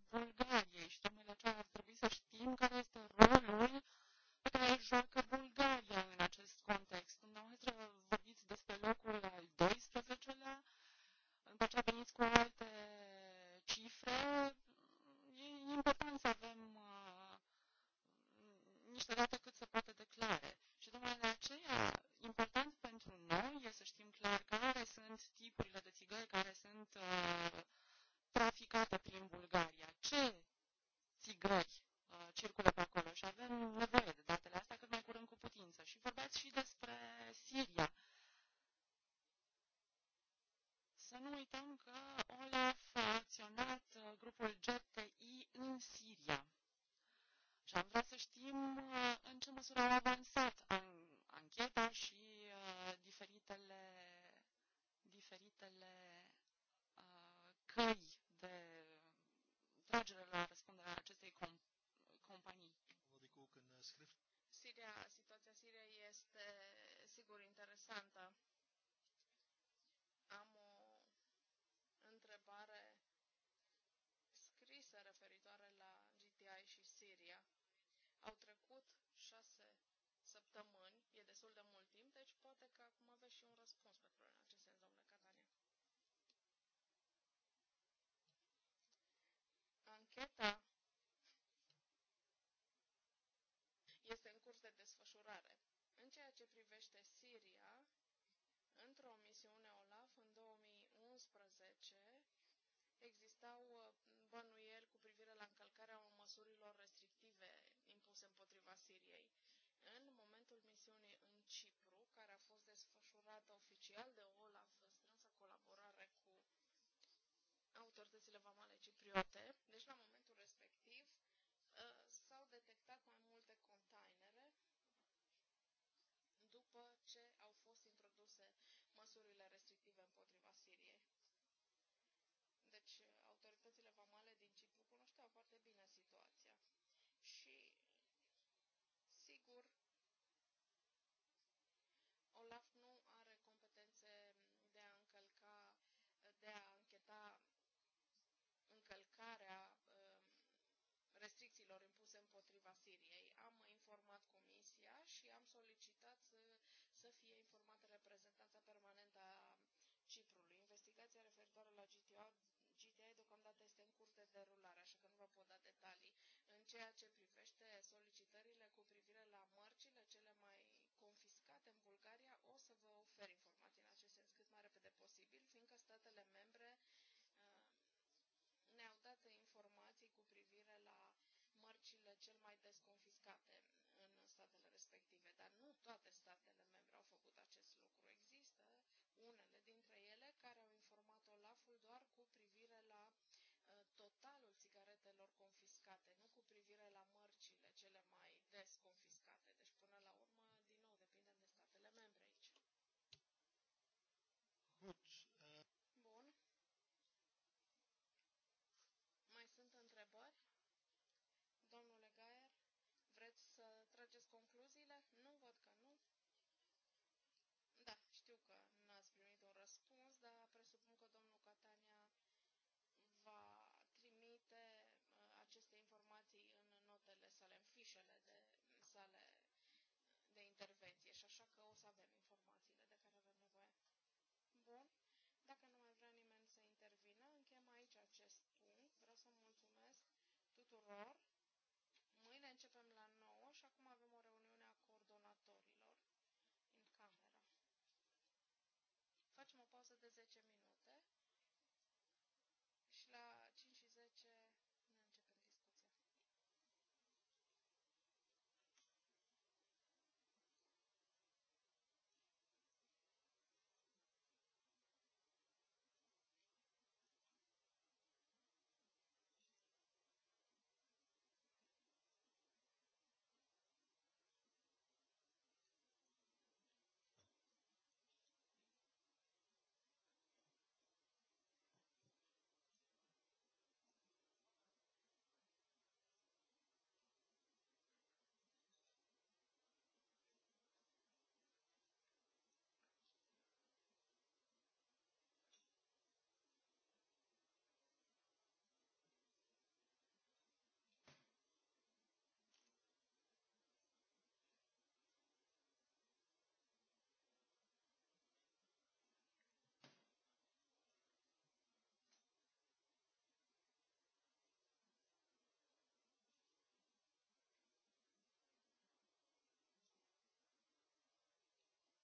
ceea ce privește Siria, într-o misiune OLAF în 2011 existau uh, bănuieli cu privire la încălcarea măsurilor restrictive impuse împotriva Siriei. În momentul misiunii în Cipru, care a fost desfășurată oficial de OLAF în strânsă colaborare cu autoritățile vamale cipriote, deci la momentul măsurile restrictive împotriva Siriei. Deci, autoritățile vamale din Cipru cunoșteau foarte bine situația. referitoare la GTA, GTA deocamdată este în curs de derulare, așa că nu vă pot da detalii. În ceea ce privește solicitările cu privire la mărcile cele mai confiscate în Bulgaria, o să vă ofer informații în acest sens cât mai repede posibil, fiindcă statele membre uh, ne-au dat informații cu privire la mărcile cel mai des confiscate în statele respective, dar nu toate statele membre des fișele de sale de intervenție și așa că o să avem informațiile de care avem nevoie. Bun. Dacă nu mai vrea nimeni să intervină, încheiem aici acest punct. Vreau să mulțumesc tuturor. Mâine începem la 9 și acum avem o reuniune a coordonatorilor în camera. Facem o pauză de 10 minute.